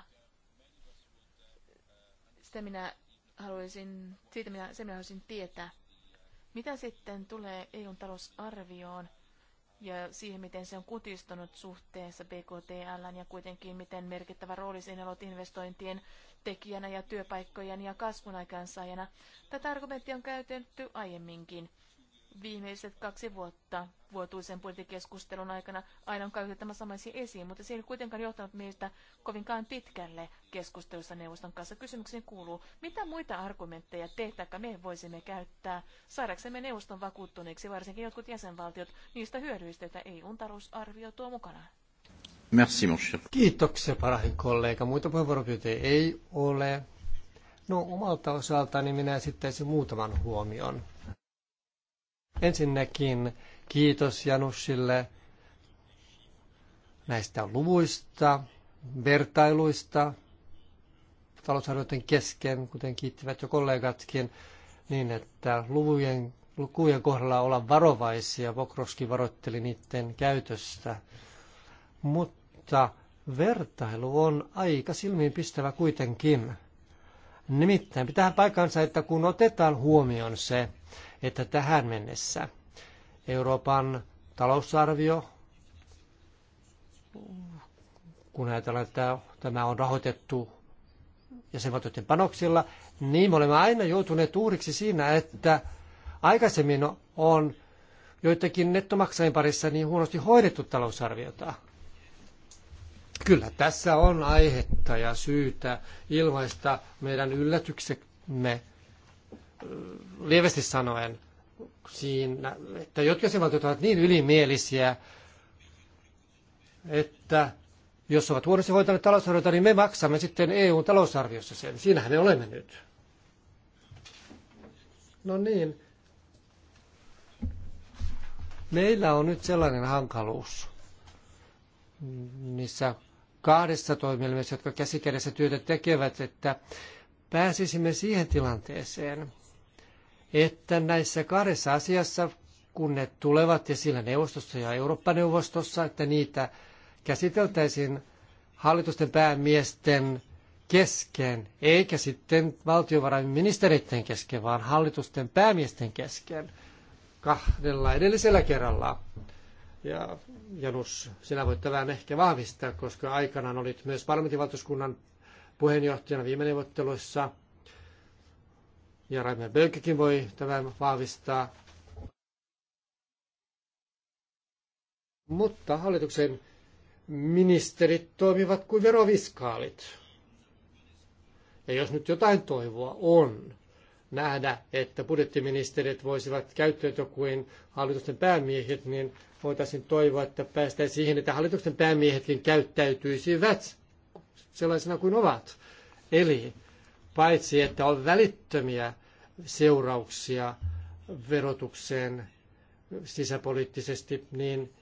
Sitä minä haluaisin, siitä minä, se minä haluaisin tietää. Mitä sitten tulee EUn talousarvioon? ja siihen, miten se on kutistunut suhteessa BKTL ja kuitenkin miten merkittävä rooli siinä on investointien tekijänä ja työpaikkojen ja kasvun aikaansaajana. Tätä argumenttia on käytetty aiemminkin viimeiset kaksi vuotta vuotuisen budjettikeskustelun aikana aina on käytetty tämä samaisia esiin, mutta se ei kuitenkaan johtanut meistä kovinkaan pitkälle keskustelussa neuvoston kanssa. Kysymykseni kuuluu, mitä muita argumentteja te me voisimme käyttää saadaksemme neuvoston vakuuttuneeksi varsinkin jotkut jäsenvaltiot niistä hyödyistä, joita EUn talousarvio tuo mukanaan? Merci, mon cher. Kiitoksia, parahin kollega. Muita puheenvuoropyyntöjä ei ole. No omalta osaltani minä esittäisin muutaman huomion. Ensinnäkin kiitos Janussille näistä luvuista, vertailuista talousarvioiden kesken, kuten kiittivät jo kollegatkin, niin että luvujen, lukujen kohdalla olla varovaisia. Vokroski varoitteli niiden käytöstä. Mutta vertailu on aika silmiinpistävä kuitenkin. Nimittäin pitää paikansa, että kun otetaan huomioon se, että tähän mennessä Euroopan talousarvio, kun ajatellaan, että tämä on rahoitettu jäsenvaltioiden panoksilla, niin me olemme aina joutuneet uuriksi siinä, että aikaisemmin on joitakin nettomaksajien parissa niin huonosti hoidettu talousarviota. Kyllä tässä on aihetta ja syytä ilmaista meidän yllätyksemme lievästi sanoen siinä, että jotkut jäsenvaltiot ovat niin ylimielisiä, että jos ovat huonosti hoitaneet talousarviota, niin me maksamme sitten eu talousarviossa sen. Siinähän me olemme nyt. No niin. Meillä on nyt sellainen hankaluus niissä kahdessa toimielimessä, jotka käsikädessä työtä tekevät, että pääsisimme siihen tilanteeseen, että näissä kahdessa asiassa, kun ne tulevat esillä neuvostossa ja Eurooppa-neuvostossa, että niitä käsiteltäisiin hallitusten päämiesten kesken, eikä sitten valtiovarainministeriöiden kesken, vaan hallitusten päämiesten kesken kahdella edellisellä kerralla. Ja Janus, sinä voit tämän ehkä vahvistaa, koska aikanaan olit myös parlamentinvaltuuskunnan puheenjohtajana viime neuvotteluissa – ja Raimel Bölkikin voi tämän vahvistaa. Mutta hallituksen ministerit toimivat kuin veroviskaalit. Ja jos nyt jotain toivoa on, nähdä, että budjettiministerit voisivat käyttäytyä kuin hallitusten päämiehet, niin voitaisiin toivoa, että päästään siihen, että hallitusten päämiehetkin käyttäytyisivät sellaisena kuin ovat. Eli paitsi, että on välittömiä seurauksia verotukseen sisäpoliittisesti, niin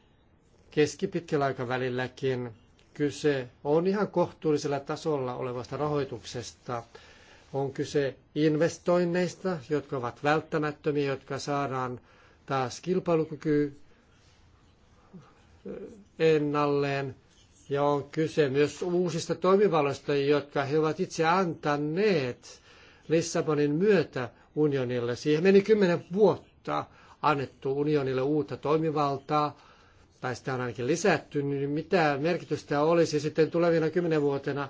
keskipitkällä aikavälilläkin kyse on ihan kohtuullisella tasolla olevasta rahoituksesta. On kyse investoinneista, jotka ovat välttämättömiä, jotka saadaan taas kilpailukyky ennalleen. Ja on kyse myös uusista toimivaloista, jotka he ovat itse antaneet Lissabonin myötä unionille. Siihen meni kymmenen vuotta annettu unionille uutta toimivaltaa, tai sitä on ainakin lisätty, niin mitä merkitystä olisi sitten tulevina kymmenen vuotena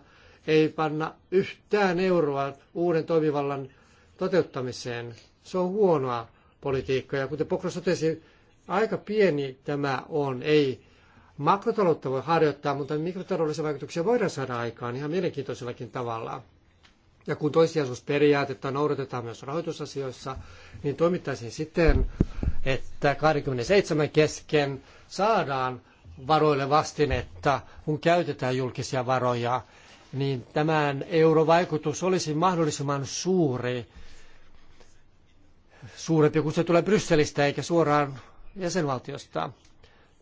ei panna yhtään euroa uuden toimivallan toteuttamiseen. Se on huonoa politiikkaa. Ja kuten Pokros totesi, aika pieni tämä on. Ei makrotaloutta voi harjoittaa, mutta mikrotaloudellisia vaikutuksia voidaan saada aikaan ihan mielenkiintoisellakin tavalla. Ja kun toissijaisuusperiaatetta noudatetaan myös rahoitusasioissa, niin toimittaisiin siten, että 27 kesken saadaan varoille vastinetta, kun käytetään julkisia varoja, niin tämän eurovaikutus olisi mahdollisimman suuri, suurempi kuin se tulee Brysselistä eikä suoraan jäsenvaltiosta.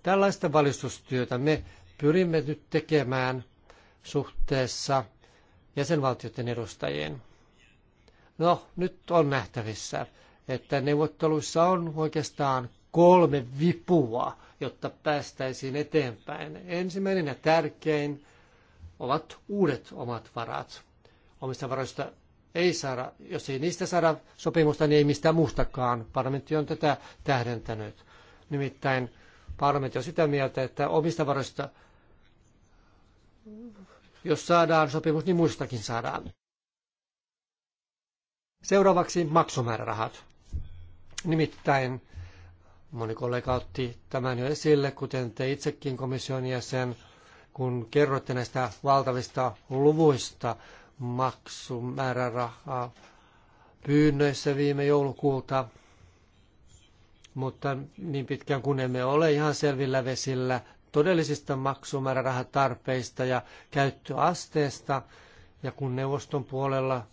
Tällaista valistustyötä me pyrimme nyt tekemään suhteessa jäsenvaltioiden edustajien. No, nyt on nähtävissä, että neuvotteluissa on oikeastaan kolme vipua, jotta päästäisiin eteenpäin. Ensimmäinen ja tärkein ovat uudet omat varat. Omista varoista ei saada, jos ei niistä saada sopimusta, niin ei mistään muustakaan. Parlamentti on tätä tähdentänyt. Nimittäin parlamentti on sitä mieltä, että omista varoista jos saadaan sopimus, niin muistakin saadaan. Seuraavaksi maksumäärärahat. Nimittäin moni kollega otti tämän jo esille, kuten te itsekin komission jäsen, kun kerroitte näistä valtavista luvuista maksumäärärahaa pyynnöissä viime joulukuulta. Mutta niin pitkään kun emme ole ihan selvillä vesillä todellisista maksumäärärahatarpeista ja käyttöasteesta. Ja kun neuvoston puolella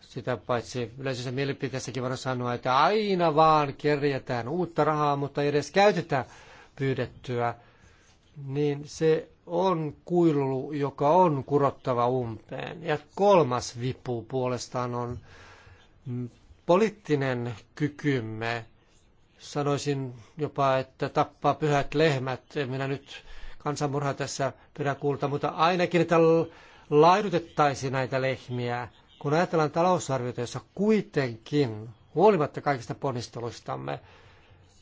sitä paitsi yleisessä mielipiteessäkin voidaan sanoa, että aina vaan kerjätään uutta rahaa, mutta ei edes käytetä pyydettyä, niin se on kuilu, joka on kurottava umpeen. Ja kolmas vipu puolestaan on poliittinen kykymme Sanoisin jopa, että tappaa pyhät lehmät. En minä nyt kansanmurha tässä kuulta, mutta ainakin, että laidutettaisiin näitä lehmiä. Kun ajatellaan talousarviota, jossa kuitenkin, huolimatta kaikista ponnisteluistamme,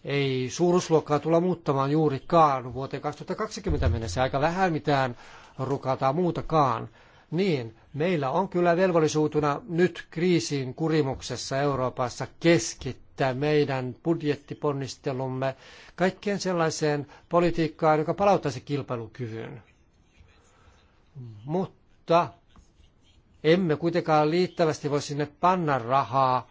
ei suuruusluokkaa tulla muuttamaan juurikaan vuoteen 2020 mennessä, aika vähän mitään rukataan muutakaan, niin meillä on kyllä velvollisuutena nyt kriisin kurimuksessa Euroopassa keskittyä käyttää meidän budjettiponnistelumme kaikkeen sellaiseen politiikkaan, joka palauttaisi kilpailukyvyn. Mutta emme kuitenkaan liittävästi voi sinne panna rahaa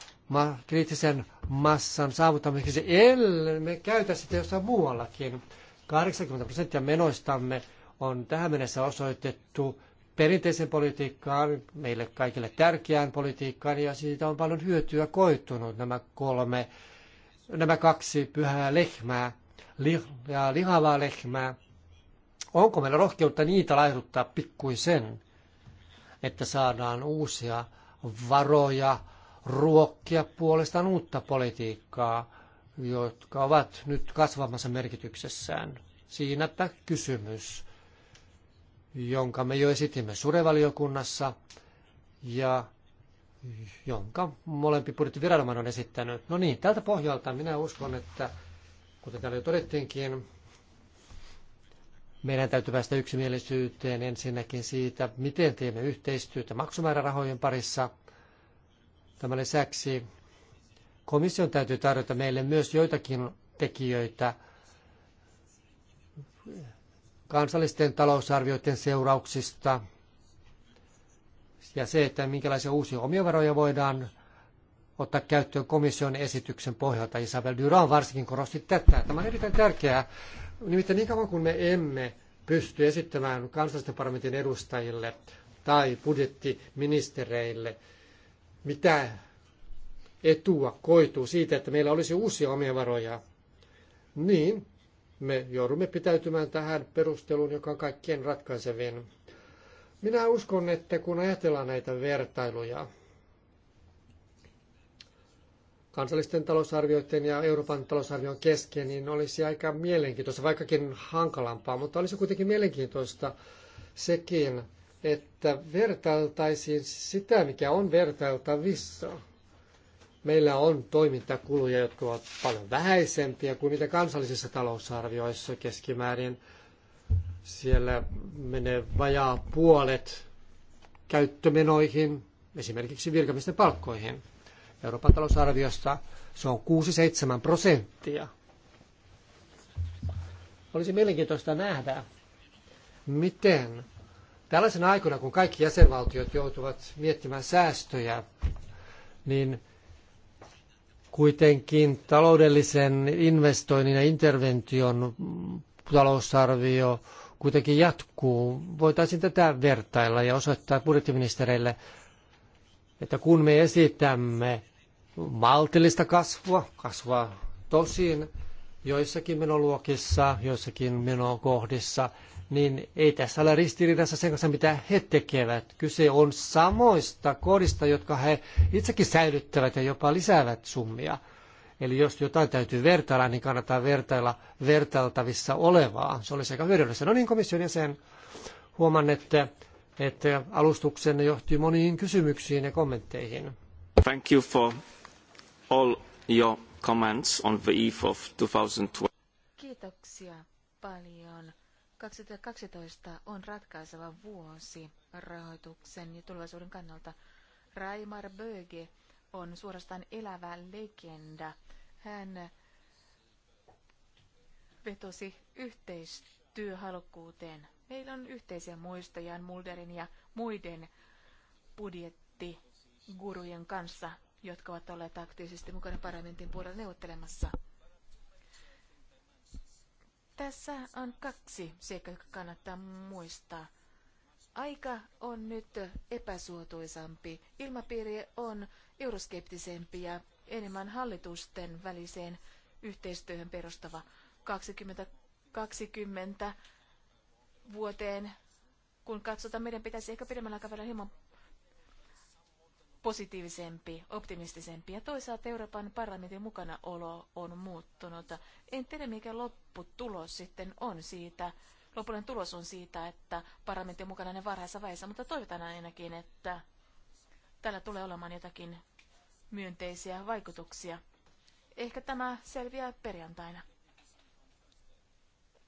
kriittisen massan saavuttamiseksi, ellei me käytä sitä jossain muuallakin. 80 prosenttia menoistamme on tähän mennessä osoitettu perinteisen politiikkaan, meille kaikille tärkeään politiikkaan, ja siitä on paljon hyötyä koittunut nämä kolme, nämä kaksi pyhää lehmää li, ja lihavaa lehmää. Onko meillä rohkeutta niitä laihduttaa pikkuisen, että saadaan uusia varoja, ruokkia puolestaan uutta politiikkaa, jotka ovat nyt kasvamassa merkityksessään? Siinäpä kysymys jonka me jo esitimme surevaliokunnassa ja jonka molempi budjettiviranomainen on esittänyt. No niin, tältä pohjalta minä uskon, että kuten täällä jo todettiinkin, meidän täytyy päästä yksimielisyyteen ensinnäkin siitä, miten teemme yhteistyötä maksumäärärahojen parissa. Tämän lisäksi komission täytyy tarjota meille myös joitakin tekijöitä kansallisten talousarvioiden seurauksista ja se, että minkälaisia uusia omia varoja voidaan ottaa käyttöön komission esityksen pohjalta. Isabel Duran varsinkin korosti tätä. Tämä on erittäin tärkeää. Nimittäin niin kauan kuin me emme pysty esittämään kansallisten parlamentin edustajille tai budjettiministereille, mitä etua koituu siitä, että meillä olisi uusia omia varoja, niin me joudumme pitäytymään tähän perusteluun, joka on kaikkien ratkaisevin. Minä uskon, että kun ajatellaan näitä vertailuja kansallisten talousarvioiden ja Euroopan talousarvion kesken, niin olisi aika mielenkiintoista, vaikkakin hankalampaa, mutta olisi kuitenkin mielenkiintoista sekin, että vertailtaisiin sitä, mikä on vertailtavissa – meillä on toimintakuluja, jotka ovat paljon vähäisempiä kuin mitä kansallisissa talousarvioissa keskimäärin. Siellä menee vajaa puolet käyttömenoihin, esimerkiksi virkamisten palkkoihin. Euroopan talousarviosta se on 6-7 prosenttia. Olisi mielenkiintoista nähdä, miten tällaisena aikana, kun kaikki jäsenvaltiot joutuvat miettimään säästöjä, niin Kuitenkin taloudellisen investoinnin ja intervention talousarvio kuitenkin jatkuu. Voitaisiin tätä vertailla ja osoittaa budjettiministereille, että kun me esitämme maltillista kasvua, kasvaa tosin joissakin menoluokissa, joissakin menokohdissa, niin ei tässä ole ristiriidassa sen kanssa, mitä he tekevät. Kyse on samoista kodista, jotka he itsekin säilyttävät ja jopa lisäävät summia. Eli jos jotain täytyy vertailla, niin kannattaa vertailla vertailtavissa olevaa. Se olisi aika hyödyllistä. No niin, komission jäsen, huomaan, että, että alustuksenne johti moniin kysymyksiin ja kommentteihin. Thank you for all your comments on the eve of 2012. Kiitoksia paljon 2012 on ratkaiseva vuosi rahoituksen ja tulevaisuuden kannalta. Raimar Böge on suorastaan elävä legenda. Hän vetosi yhteistyöhalukkuuteen. Meillä on yhteisiä muistoja Mulderin ja muiden budjettigurujen kanssa, jotka ovat olleet aktiivisesti mukana parlamentin puolella neuvottelemassa tässä on kaksi seikkaa, jotka kannattaa muistaa. Aika on nyt epäsuotuisampi. Ilmapiiri on euroskeptisempi ja enemmän hallitusten väliseen yhteistyöhön perustava 2020 vuoteen. Kun katsotaan, meidän pitäisi ehkä pidemmällä aikavälillä hieman positiivisempi, optimistisempi ja toisaalta Euroopan parlamentin mukanaolo on muuttunut. En tiedä, mikä lopputulos sitten on siitä. Lopullinen tulos on siitä, että parlamentti on mukana ne varhaisessa vaiheessa, mutta toivotan ainakin, että tällä tulee olemaan jotakin myönteisiä vaikutuksia. Ehkä tämä selviää perjantaina.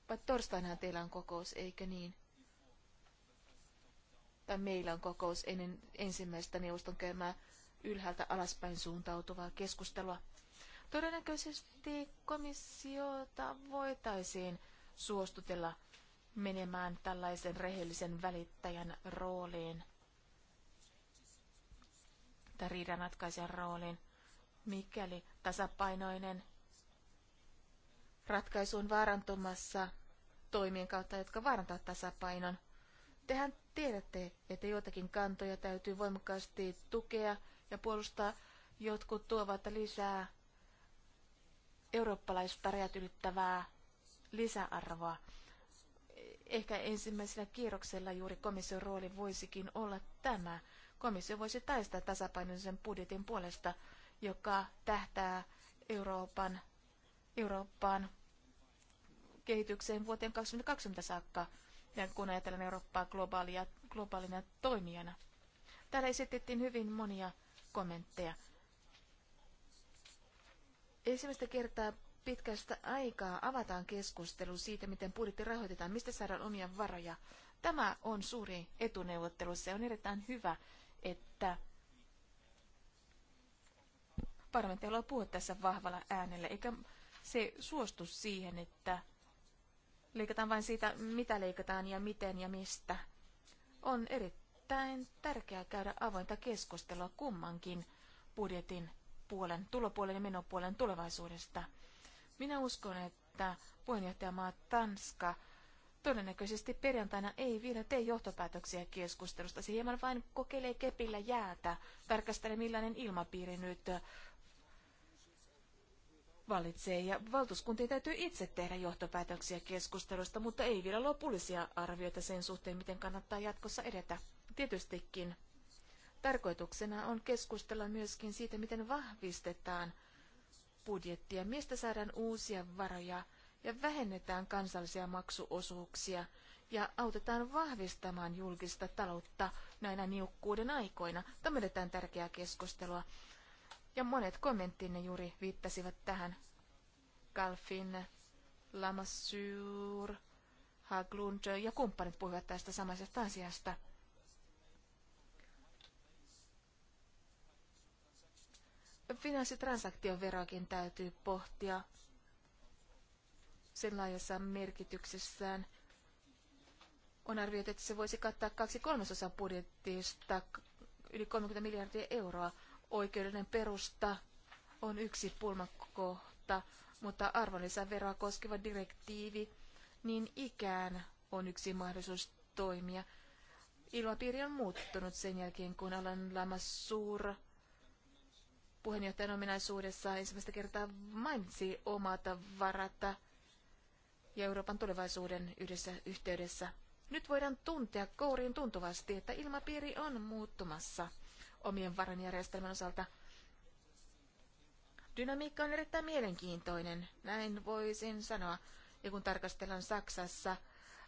Vai torstainahan teillä on kokous, eikö niin? tai meillä on kokous ennen ensimmäistä neuvoston käymää ylhäältä alaspäin suuntautuvaa keskustelua. Todennäköisesti komissiota voitaisiin suostutella menemään tällaisen rehellisen välittäjän rooliin tai riidanratkaisijan rooliin, mikäli tasapainoinen ratkaisu on vaarantumassa toimien kautta, jotka vaarantavat tasapainon – Tehän tiedätte, että joitakin kantoja täytyy voimakkaasti tukea ja puolustaa. Jotkut tuovat lisää eurooppalaista rajat ylittävää lisäarvoa. Ehkä ensimmäisellä kierroksella juuri komission rooli voisikin olla tämä. Komissio voisi taistaa tasapainoisen budjetin puolesta, joka tähtää Euroopan, Eurooppaan kehitykseen vuoteen 2020 saakka – ja kun ajatellaan Eurooppaa globaalia, globaalina toimijana. Täällä esitettiin hyvin monia kommentteja. Ensimmäistä kertaa pitkästä aikaa avataan keskustelu siitä, miten budjetti rahoitetaan, mistä saadaan omia varoja. Tämä on suuri etuneuvottelu. Se on erittäin hyvä, että parlamentti haluaa puhua tässä vahvalla äänellä, eikä se suostu siihen, että Leikataan vain siitä, mitä leikataan ja miten ja mistä. On erittäin tärkeää käydä avointa keskustelua kummankin budjetin puolen, tulopuolen ja menopuolen tulevaisuudesta. Minä uskon, että puheenjohtajamaa Tanska todennäköisesti perjantaina ei vielä tee johtopäätöksiä keskustelusta. Se hieman vain kokeilee kepillä jäätä, tarkastelee millainen ilmapiiri nyt valitsee ja valtuuskuntien täytyy itse tehdä johtopäätöksiä keskustelusta, mutta ei vielä lopullisia arvioita sen suhteen, miten kannattaa jatkossa edetä. Tietystikin tarkoituksena on keskustella myöskin siitä, miten vahvistetaan budjettia, mistä saadaan uusia varoja ja vähennetään kansallisia maksuosuuksia ja autetaan vahvistamaan julkista taloutta näinä niukkuuden aikoina. Tämä on tärkeää keskustelua. Ja monet kommenttinne juuri viittasivat tähän. Kalfin, Lamassur, Haglund ja kumppanit puhuivat tästä samaisesta asiasta. Finanssitransaktioveroakin täytyy pohtia sen laajassa merkityksessään. On arvioitu, että se voisi kattaa kaksi kolmasosaa budjettista, yli 30 miljardia euroa oikeudellinen perusta on yksi pulmakohta, mutta arvonlisäveroa koskeva direktiivi niin ikään on yksi mahdollisuus toimia. Ilmapiiri on muuttunut sen jälkeen, kun Alan Lama puheenjohtajan ominaisuudessa ensimmäistä kertaa mainitsi omat varata ja Euroopan tulevaisuuden yhdessä yhteydessä. Nyt voidaan tuntea kouriin tuntuvasti, että ilmapiiri on muuttumassa omien varanjärjestelmän osalta. Dynamiikka on erittäin mielenkiintoinen, näin voisin sanoa. Ja kun tarkastellaan Saksassa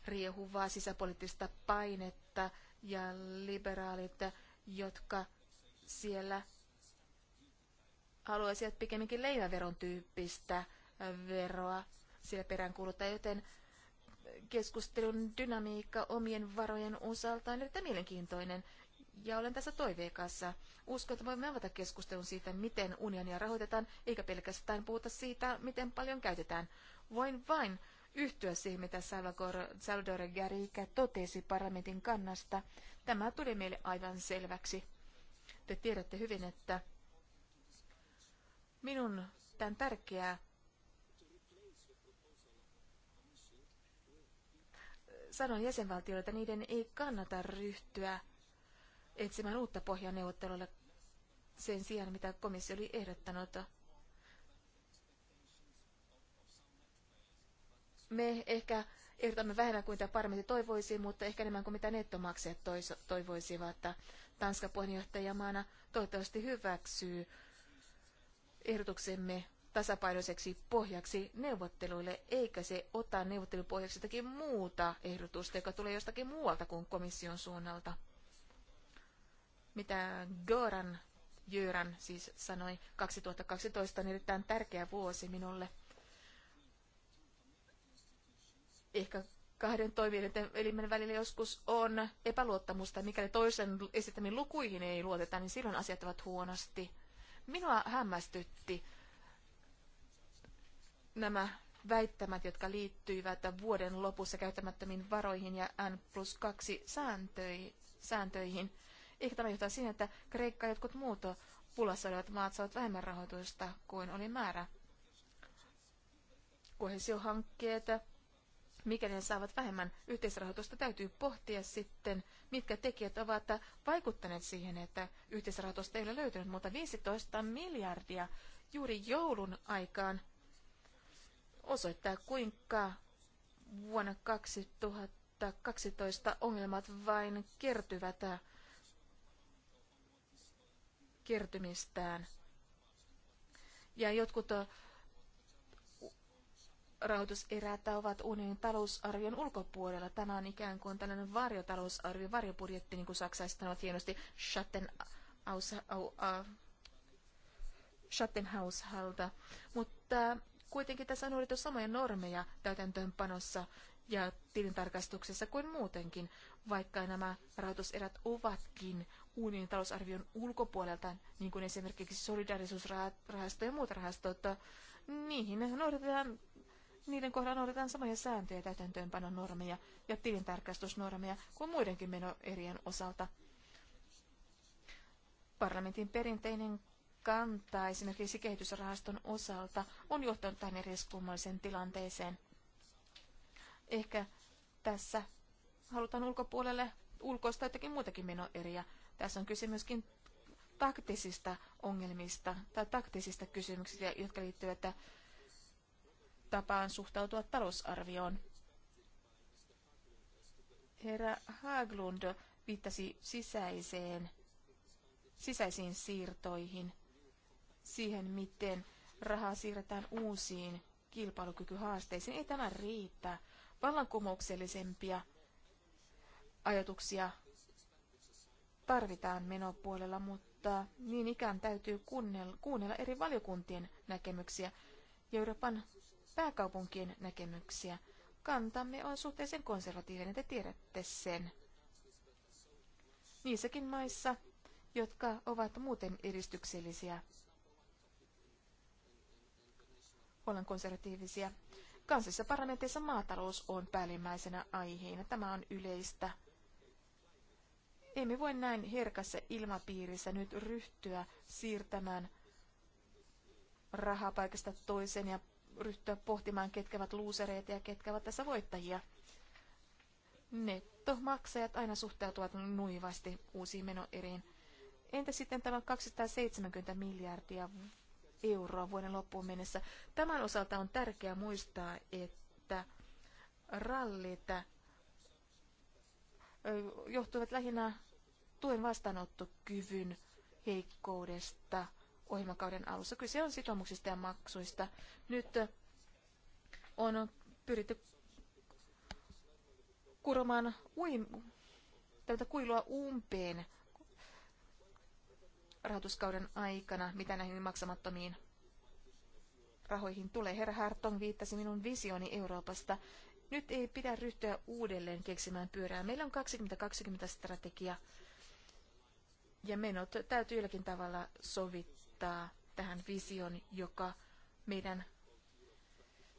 riehuvaa sisäpoliittista painetta ja liberaalit, jotka siellä haluaisivat pikemminkin leiväveron tyyppistä veroa siellä peräänkuuluttaa, joten keskustelun dynamiikka omien varojen osalta on erittäin mielenkiintoinen ja olen tässä toiveikassa. Uskon, että voimme avata keskustelun siitä, miten unionia rahoitetaan, eikä pelkästään puhuta siitä, miten paljon käytetään. Voin vain yhtyä siihen, mitä Salvador, Salvador Garriga totesi parlamentin kannasta. Tämä tuli meille aivan selväksi. Te tiedätte hyvin, että minun tämän tärkeää sanon jäsenvaltioille, että niiden ei kannata ryhtyä etsimään uutta pohjaa neuvottelulle sen sijaan, mitä komissio oli ehdottanut. Me ehkä ehdotamme vähemmän kuin tämä parlamentti toivoisi, mutta ehkä enemmän kuin mitä nettomaksajat toivoisivat. että Tanska puheenjohtajamaana toivottavasti hyväksyy ehdotuksemme tasapainoiseksi pohjaksi neuvotteluille, eikä se ota neuvottelupohjaksi jotakin muuta ehdotusta, joka tulee jostakin muualta kuin komission suunnalta mitä Göran Jyrän siis sanoi, 2012 on erittäin tärkeä vuosi minulle. Ehkä kahden elimen välillä joskus on epäluottamusta. Mikäli toisen esittämiin lukuihin ei luoteta, niin silloin asiat ovat huonosti. Minua hämmästytti nämä väittämät, jotka liittyivät vuoden lopussa käyttämättömiin varoihin ja N plus 2 sääntöihin. Ehkä tämä johtaa siihen, että Kreikka ja jotkut muut pulassa olevat maat saavat vähemmän rahoitusta kuin oli määrä. Kohesiohankkeet, mikä ne saavat vähemmän yhteisrahoitusta, täytyy pohtia sitten, mitkä tekijät ovat vaikuttaneet siihen, että yhteisrahoitusta ei ole löytynyt, mutta 15 miljardia juuri joulun aikaan osoittaa, kuinka vuonna 2012 ongelmat vain kertyvät kertymistään. Ja jotkut rahoituserät ovat unionin talousarvion ulkopuolella. Tämä on ikään kuin tällainen varjotalousarvio, varjobudjetti, niin kuin saksalaiset sanovat hienosti, Schatten, aus, au, Schattenhaushalta. Mutta kuitenkin tässä on ollut samoja normeja täytäntöönpanossa ja tilintarkastuksessa kuin muutenkin, vaikka nämä rahoituserät ovatkin unionin talousarvion ulkopuolelta, niin kuin esimerkiksi solidarisuusrahasto ja muut rahastot, niihin noudatetaan, niiden kohdalla noudatetaan samoja sääntöjä täytäntöönpanon normeja ja tilintarkastusnormeja kuin muidenkin menoerien osalta. Parlamentin perinteinen kanta esimerkiksi kehitysrahaston osalta on johtanut tähän eriskummalliseen tilanteeseen. Ehkä tässä halutaan ulkopuolelle ulkoista jotakin muitakin menoeriä. Tässä on kyse myöskin taktisista ongelmista tai taktisista kysymyksistä, jotka liittyvät tapaan suhtautua talousarvioon. Herra Haglund viittasi sisäiseen, sisäisiin siirtoihin, siihen miten rahaa siirretään uusiin kilpailukykyhaasteisiin. Ei tämä riitä. Vallankumouksellisempia ajatuksia tarvitaan menopuolella, mutta niin ikään täytyy kuunnella, eri valiokuntien näkemyksiä ja Euroopan pääkaupunkien näkemyksiä. Kantamme on suhteellisen konservatiivinen, te tiedätte sen. Niissäkin maissa, jotka ovat muuten edistyksellisiä, ollaan konservatiivisia. Kansallisissa parlamenteissa maatalous on päällimmäisenä aiheena. Tämä on yleistä emme voi näin herkässä ilmapiirissä nyt ryhtyä siirtämään rahaa paikasta toiseen ja ryhtyä pohtimaan, ketkä ovat luusereita ja ketkä ovat tässä voittajia. Nettomaksajat aina suhtautuvat nuivasti uusiin menoeriin. Entä sitten tämä 270 miljardia euroa vuoden loppuun mennessä? Tämän osalta on tärkeää muistaa, että rallit johtuivat lähinnä tuen vastaanottokyvyn heikkoudesta ohjelmakauden alussa. Kyse on sitoumuksista ja maksuista. Nyt on pyritty kuromaan uim- tältä kuilua umpeen rahoituskauden aikana, mitä näihin maksamattomiin rahoihin tulee. Herra Hartong viittasi minun visioni Euroopasta. Nyt ei pidä ryhtyä uudelleen keksimään pyörää. Meillä on 2020 strategia ja menot täytyy jollakin tavalla sovittaa tähän vision, joka meidän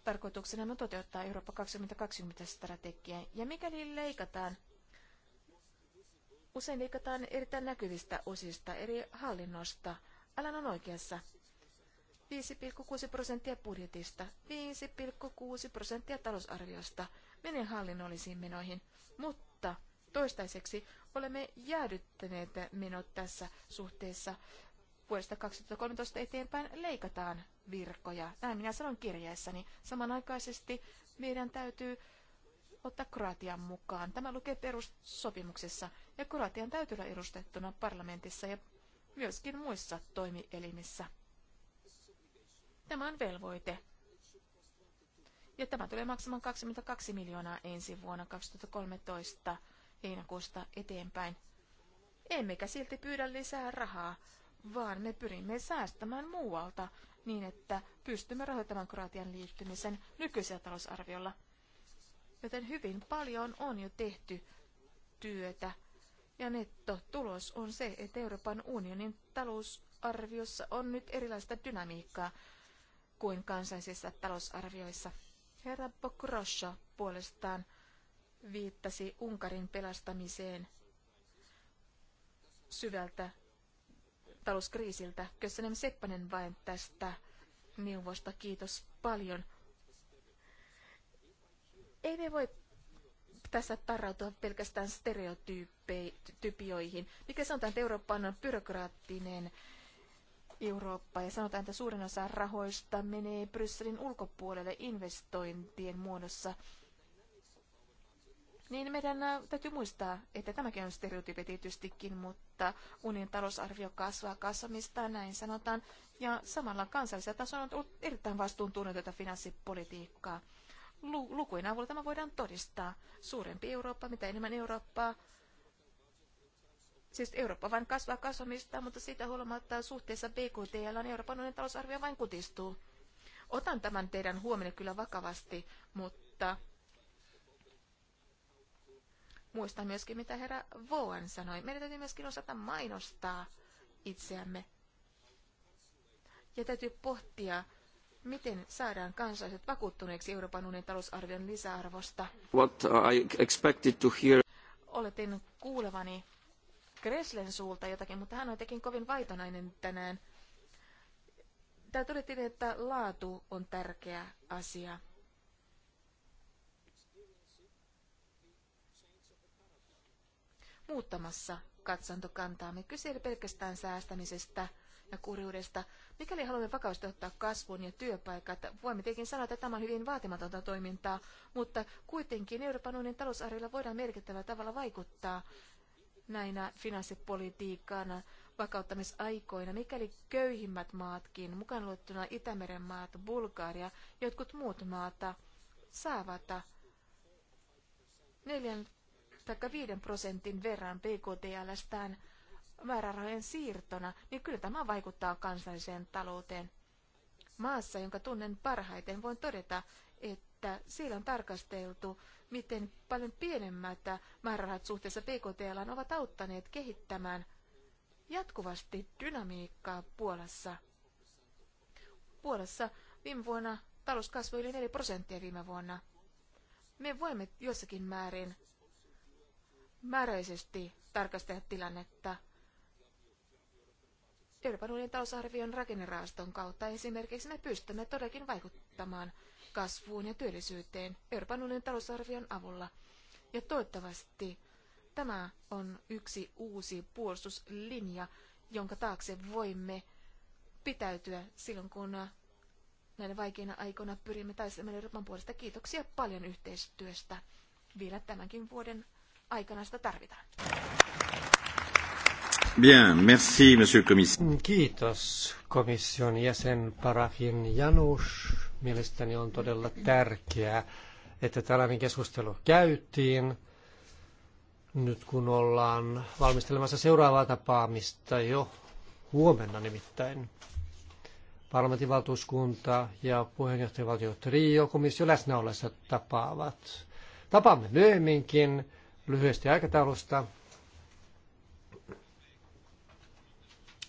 tarkoituksena on toteuttaa Eurooppa 2020 strategia. Ja mikäli leikataan, usein leikataan erittäin näkyvistä osista, eri hallinnosta. Alan on oikeassa. 5,6 prosenttia budjetista, 5,6 prosenttia talousarviosta menee hallinnollisiin menoihin, mutta toistaiseksi olemme jäädyttäneet menot tässä suhteessa. Vuodesta 2013 eteenpäin leikataan virkoja. Näin minä sanon kirjeessäni. Samanaikaisesti meidän täytyy ottaa Kroatian mukaan. Tämä lukee perussopimuksessa ja Kroatian täytyy olla edustettuna parlamentissa ja myöskin muissa toimielimissä. Tämä on velvoite. Ja tämä tulee maksamaan 22 miljoonaa ensi vuonna 2013 heinäkuusta eteenpäin. Emmekä silti pyydä lisää rahaa, vaan me pyrimme säästämään muualta niin, että pystymme rahoittamaan Kroatian liittymisen nykyisellä talousarviolla. Joten hyvin paljon on jo tehty työtä ja netto tulos on se, että Euroopan unionin talousarviossa on nyt erilaista dynamiikkaa kuin kansallisissa talousarvioissa. Herra Bokrosho puolestaan viittasi Unkarin pelastamiseen syvältä talouskriisiltä. Kössönen Seppänen vain tästä neuvosta. Kiitos paljon. Ei me voi tässä tarrautua pelkästään stereotypioihin. Mikä sanotaan, että Euroopan on byrokraattinen Eurooppa ja sanotaan, että suurin osa rahoista menee Brysselin ulkopuolelle investointien muodossa. Niin meidän äh, täytyy muistaa, että tämäkin on stereotypi tietystikin, mutta unionin talousarvio kasvaa kasvamistaan, näin sanotaan, ja samalla kansallisella tasolla on ollut erittäin vastuuntunnetonta finanssipolitiikkaa. Lukujen avulla tämä voidaan todistaa. Suurempi Eurooppa, mitä enemmän Eurooppaa, Siis Eurooppa vain kasvaa kasvamista, mutta siitä huolimatta suhteessa BKT on Euroopan unionin talousarvio vain kutistuu. Otan tämän teidän huomenna kyllä vakavasti, mutta muistan myöskin, mitä herra Vaughan sanoi. Meidän täytyy myöskin osata mainostaa itseämme. Ja täytyy pohtia, miten saadaan kansalaiset vakuuttuneeksi Euroopan unionin talousarvion lisäarvosta. What I expected to hear. Oletin kuulevani Kreslen suulta jotakin, mutta hän on jotenkin kovin vaitonainen tänään. Tää todettiin, että laatu on tärkeä asia. Muuttamassa katsantokantaamme. Kyse ei pelkästään säästämisestä ja kurjuudesta. Mikäli haluamme vakavasti ottaa kasvun ja työpaikat, voimme tietenkin sanoa, että tämä on hyvin vaatimatonta toimintaa, mutta kuitenkin Euroopan unionin talousarvilla voidaan merkittävällä tavalla vaikuttaa näinä finanssipolitiikan vakauttamisaikoina, mikäli köyhimmät maatkin, mukaan luettuna Itämeren maat, Bulgaria, jotkut muut maata, saavat 4 tai 5 prosentin verran BKTLstään määrärahojen siirtona, niin kyllä tämä vaikuttaa kansalliseen talouteen. Maassa, jonka tunnen parhaiten, voin todeta, että siellä on tarkasteltu miten paljon pienemmät määrärahat suhteessa PKTL ovat auttaneet kehittämään jatkuvasti dynamiikkaa Puolassa. Puolassa viime vuonna talous kasvoi yli 4 prosenttia viime vuonna. Me voimme jossakin määrin määräisesti tarkastella tilannetta. Euroopan unionin talousarvion rakennerahaston kautta esimerkiksi me pystymme todellakin vaikuttamaan kasvuun ja työllisyyteen Euroopan unionin talousarvion avulla. Ja toivottavasti tämä on yksi uusi puolustuslinja, jonka taakse voimme pitäytyä silloin, kun näinä vaikeina aikoina pyrimme taistelemaan Euroopan puolesta. Kiitoksia paljon yhteistyöstä. Vielä tämänkin vuoden aikana sitä tarvitaan. Bien, merci, monsieur le commissaire. Kiitos komission jäsen Parafin Janus. Mielestäni on todella tärkeää, että tällainen keskustelu käytiin nyt kun ollaan valmistelemassa seuraavaa tapaamista jo huomenna nimittäin. Parlamentin valtuuskunta ja puheenjohtajavaltio Trio komissio läsnä ollessa tapaavat. Tapaamme myöhemminkin lyhyesti aikataulusta.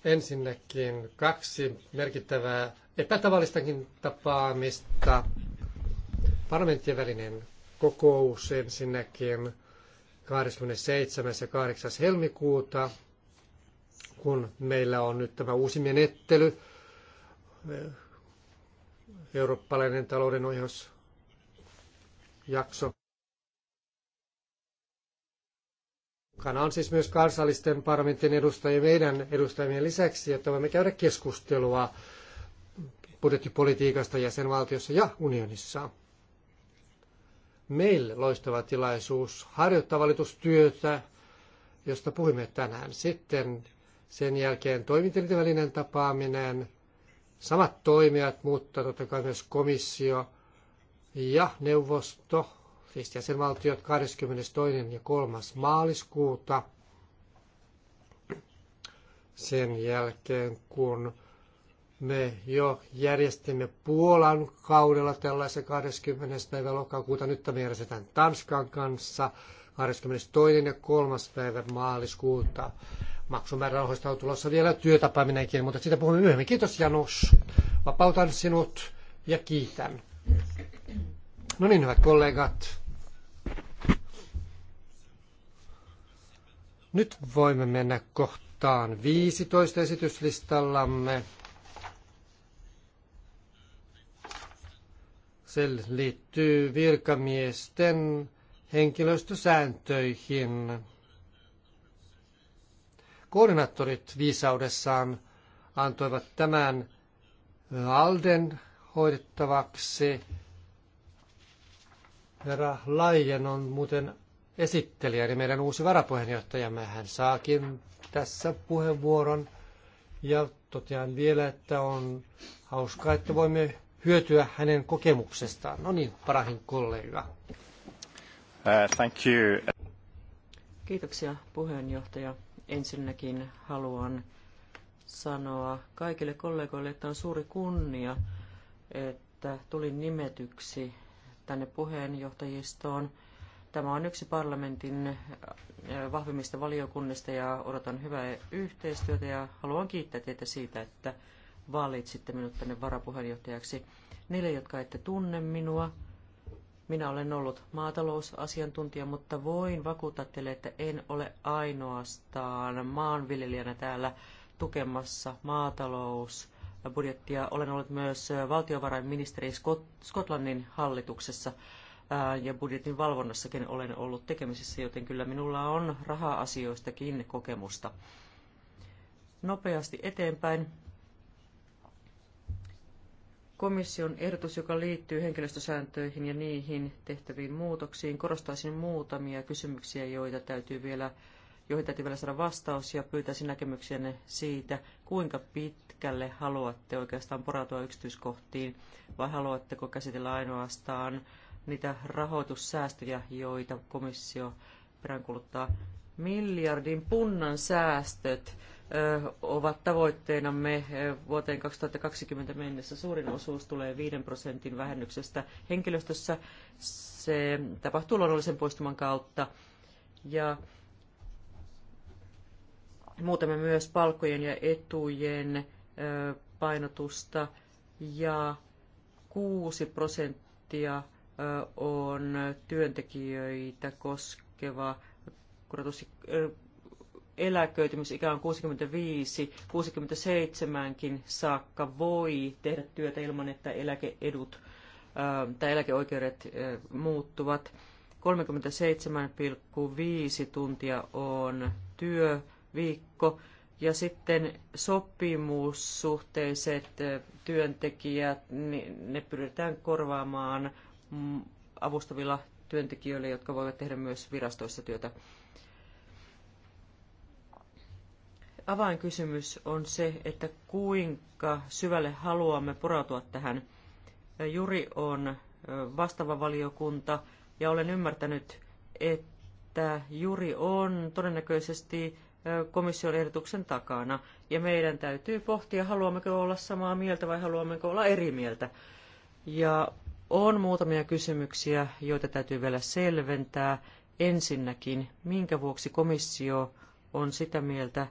Ensinnäkin kaksi merkittävää epätavallistakin tapaamista. Parlamenttien välinen kokous ensinnäkin 27. ja 8. helmikuuta, kun meillä on nyt tämä uusi menettely, eh, eurooppalainen talouden ohjausjakso. Mukana on siis myös kansallisten parlamentin edustajien meidän edustajien lisäksi, että voimme käydä keskustelua budjettipolitiikasta jäsenvaltiossa ja unionissa. Meille loistava tilaisuus harjoittaa valitustyötä, josta puhuimme tänään. Sitten sen jälkeen toiminteliden välinen tapaaminen, samat toimijat, mutta totta kai myös komissio ja neuvosto siis valtiot 22. ja 3. maaliskuuta sen jälkeen, kun me jo järjestimme Puolan kaudella tällaisen 20. päivä lokakuuta. Nyt me järjestetään Tanskan kanssa 22. ja 3. päivä maaliskuuta. Maksumäärärahoista on tulossa vielä työtapaaminenkin, mutta siitä puhumme myöhemmin. Kiitos Janus. Vapautan sinut ja kiitän. No niin, hyvät kollegat. Nyt voimme mennä kohtaan 15 esityslistallamme. Se liittyy virkamiesten henkilöstösääntöihin. Koordinaattorit viisaudessaan antoivat tämän Alden hoidettavaksi. Herra Laien on muuten esittelijä, eli meidän uusi varapuheenjohtajamme, hän saakin tässä puheenvuoron. Ja totean vielä, että on hauskaa, että voimme hyötyä hänen kokemuksestaan. No niin, parahin kollega. Uh, thank you. Kiitoksia puheenjohtaja. Ensinnäkin haluan sanoa kaikille kollegoille, että on suuri kunnia, että tulin nimetyksi tänne puheenjohtajistoon – Tämä on yksi parlamentin äh, vahvimmista valiokunnista ja odotan hyvää yhteistyötä ja haluan kiittää teitä siitä, että valitsitte minut tänne varapuheenjohtajaksi. Niille, jotka ette tunne minua, minä olen ollut maatalousasiantuntija, mutta voin vakuuttaa teille, että en ole ainoastaan maanviljelijänä täällä tukemassa Budjettia. Olen ollut myös valtiovarainministeri Skotlannin hallituksessa ja budjetin valvonnassakin olen ollut tekemisissä, joten kyllä minulla on raha-asioistakin kokemusta. Nopeasti eteenpäin. Komission ehdotus, joka liittyy henkilöstösääntöihin ja niihin tehtäviin muutoksiin, korostaisin muutamia kysymyksiä, joita täytyy vielä joihin täytyy vielä saada vastaus ja pyytäisin näkemyksenne siitä, kuinka pitkälle haluatte oikeastaan poratua yksityiskohtiin vai haluatteko käsitellä ainoastaan niitä rahoitussäästöjä, joita komissio peräänkuluttaa. Miljardin punnan säästöt ovat tavoitteenamme vuoteen 2020 mennessä. Suurin osuus tulee 5 prosentin vähennyksestä henkilöstössä. Se tapahtuu luonnollisen poistuman kautta. Ja muutamme myös palkkojen ja etujen painotusta ja 6 prosenttia on työntekijöitä koskeva korotus eläköitymisikä on 65, 67kin saakka voi tehdä työtä ilman, että eläkeedut tai eläkeoikeudet muuttuvat. 37,5 tuntia on työviikko ja sitten sopimussuhteiset työntekijät, niin ne pyritään korvaamaan – Mm, avustavilla työntekijöillä, jotka voivat tehdä myös virastoissa työtä. Avainkysymys on se, että kuinka syvälle haluamme porautua tähän. Juri on vastaava valiokunta ja olen ymmärtänyt, että Juri on todennäköisesti komission ehdotuksen takana. Ja meidän täytyy pohtia, haluammeko olla samaa mieltä vai haluammeko olla eri mieltä. Ja on muutamia kysymyksiä, joita täytyy vielä selventää. Ensinnäkin, minkä vuoksi komissio on sitä mieltä,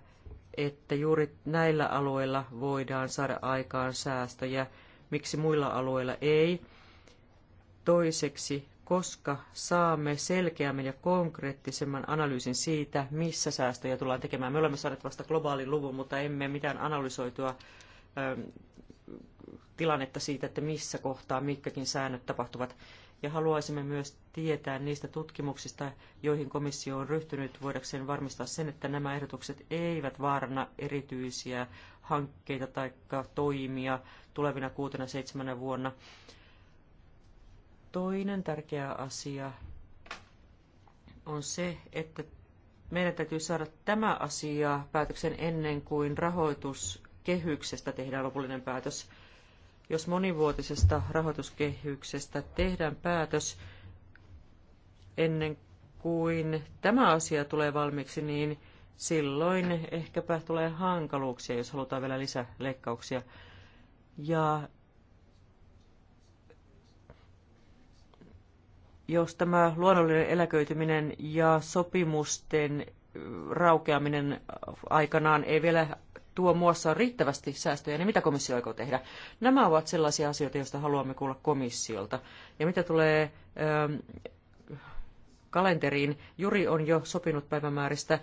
että juuri näillä alueilla voidaan saada aikaan säästöjä, miksi muilla alueilla ei. Toiseksi, koska saamme selkeämmän ja konkreettisemman analyysin siitä, missä säästöjä tullaan tekemään. Me olemme saaneet vasta globaalin luvun, mutta emme mitään analysoitua tilannetta siitä, että missä kohtaa mitkäkin säännöt tapahtuvat. Ja haluaisimme myös tietää niistä tutkimuksista, joihin komissio on ryhtynyt voidakseen varmistaa sen, että nämä ehdotukset eivät vaaranna erityisiä hankkeita tai toimia tulevina kuutena seitsemänä vuonna. Toinen tärkeä asia on se, että meidän täytyy saada tämä asia päätöksen ennen kuin rahoituskehyksestä tehdään lopullinen päätös jos monivuotisesta rahoituskehyksestä tehdään päätös ennen kuin tämä asia tulee valmiiksi, niin silloin ehkäpä tulee hankaluuksia, jos halutaan vielä lisäleikkauksia. Ja jos tämä luonnollinen eläköityminen ja sopimusten raukeaminen aikanaan ei vielä tuo muassa riittävästi säästöjä, niin mitä komissio aikoo tehdä? Nämä ovat sellaisia asioita, joista haluamme kuulla komissiolta. Ja mitä tulee ähm, kalenteriin, Juri on jo sopinut päivämääristä.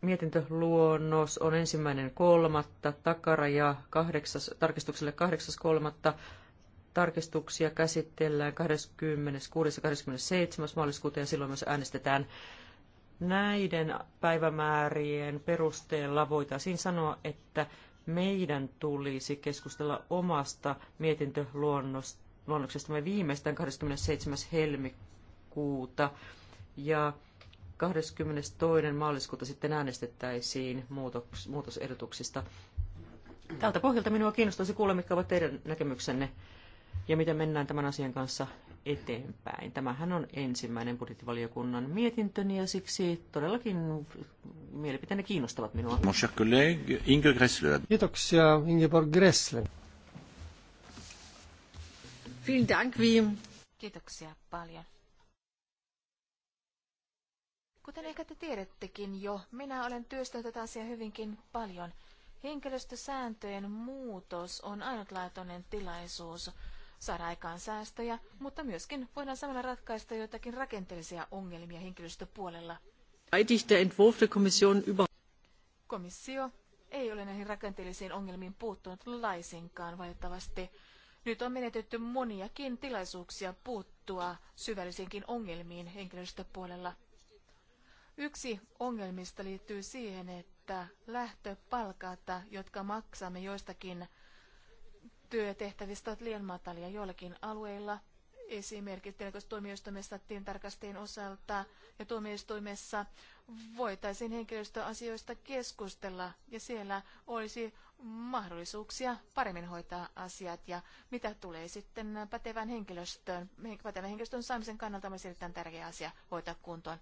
Mietintöluonnos on ensimmäinen kolmatta, takaraja kahdeksas, tarkistukselle kahdeksas kolmatta, tarkistuksia käsitellään 26. ja 27. maaliskuuta ja silloin myös äänestetään Näiden päivämäärien perusteella voitaisiin sanoa, että meidän tulisi keskustella omasta mietintöluonnoksestamme viimeistään 27. helmikuuta ja 22. maaliskuuta sitten äänestettäisiin muutos, muutosehdotuksista. Tältä pohjalta minua kiinnostaisi kuulla, mitkä ovat teidän näkemyksenne ja miten mennään tämän asian kanssa eteenpäin. Tämähän on ensimmäinen budjettivaliokunnan mietintöni ja siksi todellakin mielipiteenne kiinnostavat minua. Mon cher collègue, Inge Kiitoksia Ingeborg Gressler. Vielen Kiitoksia paljon. Kuten ehkä te tiedättekin jo, minä olen työstänyt tätä asiaa hyvinkin paljon. Henkilöstösääntöjen muutos on ainutlaatuinen tilaisuus saada aikaan säästöjä, mutta myöskin voidaan samalla ratkaista joitakin rakenteellisia ongelmia henkilöstöpuolella. Komissio ei ole näihin rakenteellisiin ongelmiin puuttunut laisinkaan valitettavasti. Nyt on menetetty moniakin tilaisuuksia puuttua syvällisiinkin ongelmiin henkilöstöpuolella. Yksi ongelmista liittyy siihen, että lähtöpalkata, jotka maksamme joistakin työtehtävistä ovat liian matalia joillakin alueilla. Esimerkiksi tuomioistuimessa tilintarkastajien osalta ja tuomioistuimessa voitaisiin henkilöstöasioista keskustella ja siellä olisi mahdollisuuksia paremmin hoitaa asiat ja mitä tulee sitten pätevän henkilöstön Pätevän henkilöstön saamisen kannalta on erittäin tärkeä asia hoitaa kuntoon.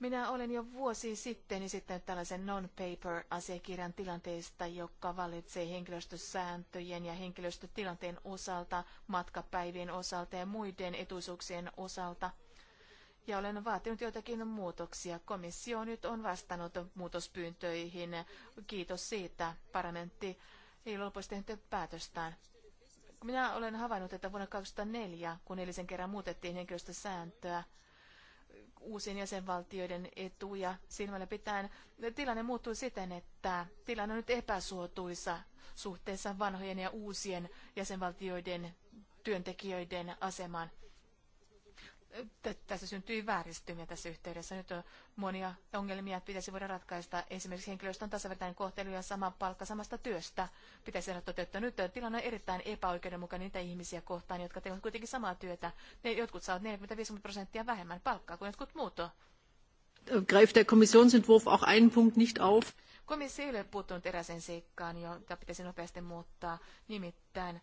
Minä olen jo vuosi sitten esittänyt tällaisen non-paper-asiakirjan tilanteesta, joka valitsee henkilöstösääntöjen ja henkilöstötilanteen osalta, matkapäivien osalta ja muiden etuisuuksien osalta. Ja olen vaatinut joitakin muutoksia. Komissio nyt on vastannut muutospyyntöihin. Kiitos siitä. Parlamentti ei lopuksi tehnyt päätöstään. Minä olen havainnut, että vuonna 2004, kun edellisen kerran muutettiin henkilöstösääntöä, uusien jäsenvaltioiden etuja silmällä pitäen. Tilanne muuttuu siten, että tilanne on nyt epäsuotuisa suhteessa vanhojen ja uusien jäsenvaltioiden työntekijöiden asemaan tässä syntyy vääristymiä tässä yhteydessä. Nyt on monia ongelmia pitäisi voida ratkaista. Esimerkiksi henkilöstön tasavertainen kohtelu ja sama palkka samasta työstä pitäisi saada toteuttaa. Nyt tilanne on erittäin epäoikeudenmukainen niitä ihmisiä kohtaan, jotka tekevät kuitenkin samaa työtä. Ne jotkut saavat 45 prosenttia vähemmän palkkaa kuin jotkut muut. Greift der Kommissionsentwurf auch einen Punkt nicht auf? Komissio ei ole puuttunut eräseen seikkaan, jota pitäisi nopeasti muuttaa, nimittäin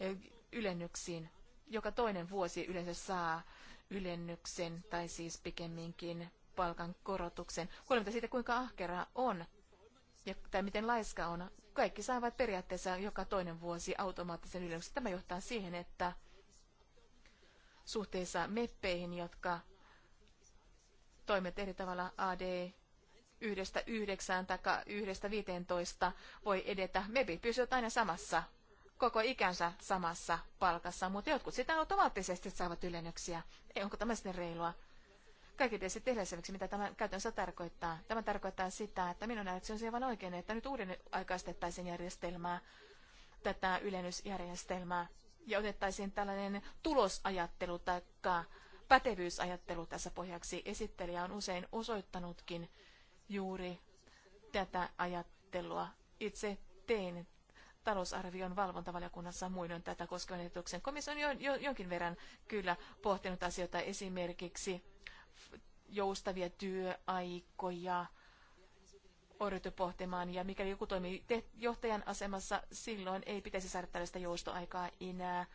eh, ylennyksiin. Joka toinen vuosi yleensä saa ylennyksen tai siis pikemminkin palkan korotuksen, huolimatta siitä, kuinka ahkera on ja, tai miten laiska on. Kaikki saavat periaatteessa joka toinen vuosi automaattisen ylennyksen. Tämä johtaa siihen, että suhteessa meppeihin, jotka toimivat eri tavalla AD yhdestä yhdeksään tai yhdestä viiteentoista voi edetä. Mepit pysyvät aina samassa koko ikänsä samassa palkassa, mutta jotkut sitä automaattisesti saavat ylennyksiä. Ei, onko tämä sitten reilua? Kaikki tietysti tehdä selväksi, mitä tämä käytännössä tarkoittaa. Tämä tarkoittaa sitä, että minun nähdäkseni on aivan oikein, että nyt uuden aikaistettaisiin järjestelmää, tätä ylennysjärjestelmää, ja otettaisiin tällainen tulosajattelu tai pätevyysajattelu tässä pohjaksi. Esittelijä on usein osoittanutkin juuri tätä ajattelua. Itse tein talousarvion valvontavaliokunnassa muinoin tätä koskevan ehdotuksen. Komissio on jo, jo, jonkin verran kyllä pohtinut asioita esimerkiksi joustavia työaikoja, odotettu pohtimaan, ja mikäli joku toimii johtajan asemassa, silloin ei pitäisi saada tällaista joustoaikaa enää.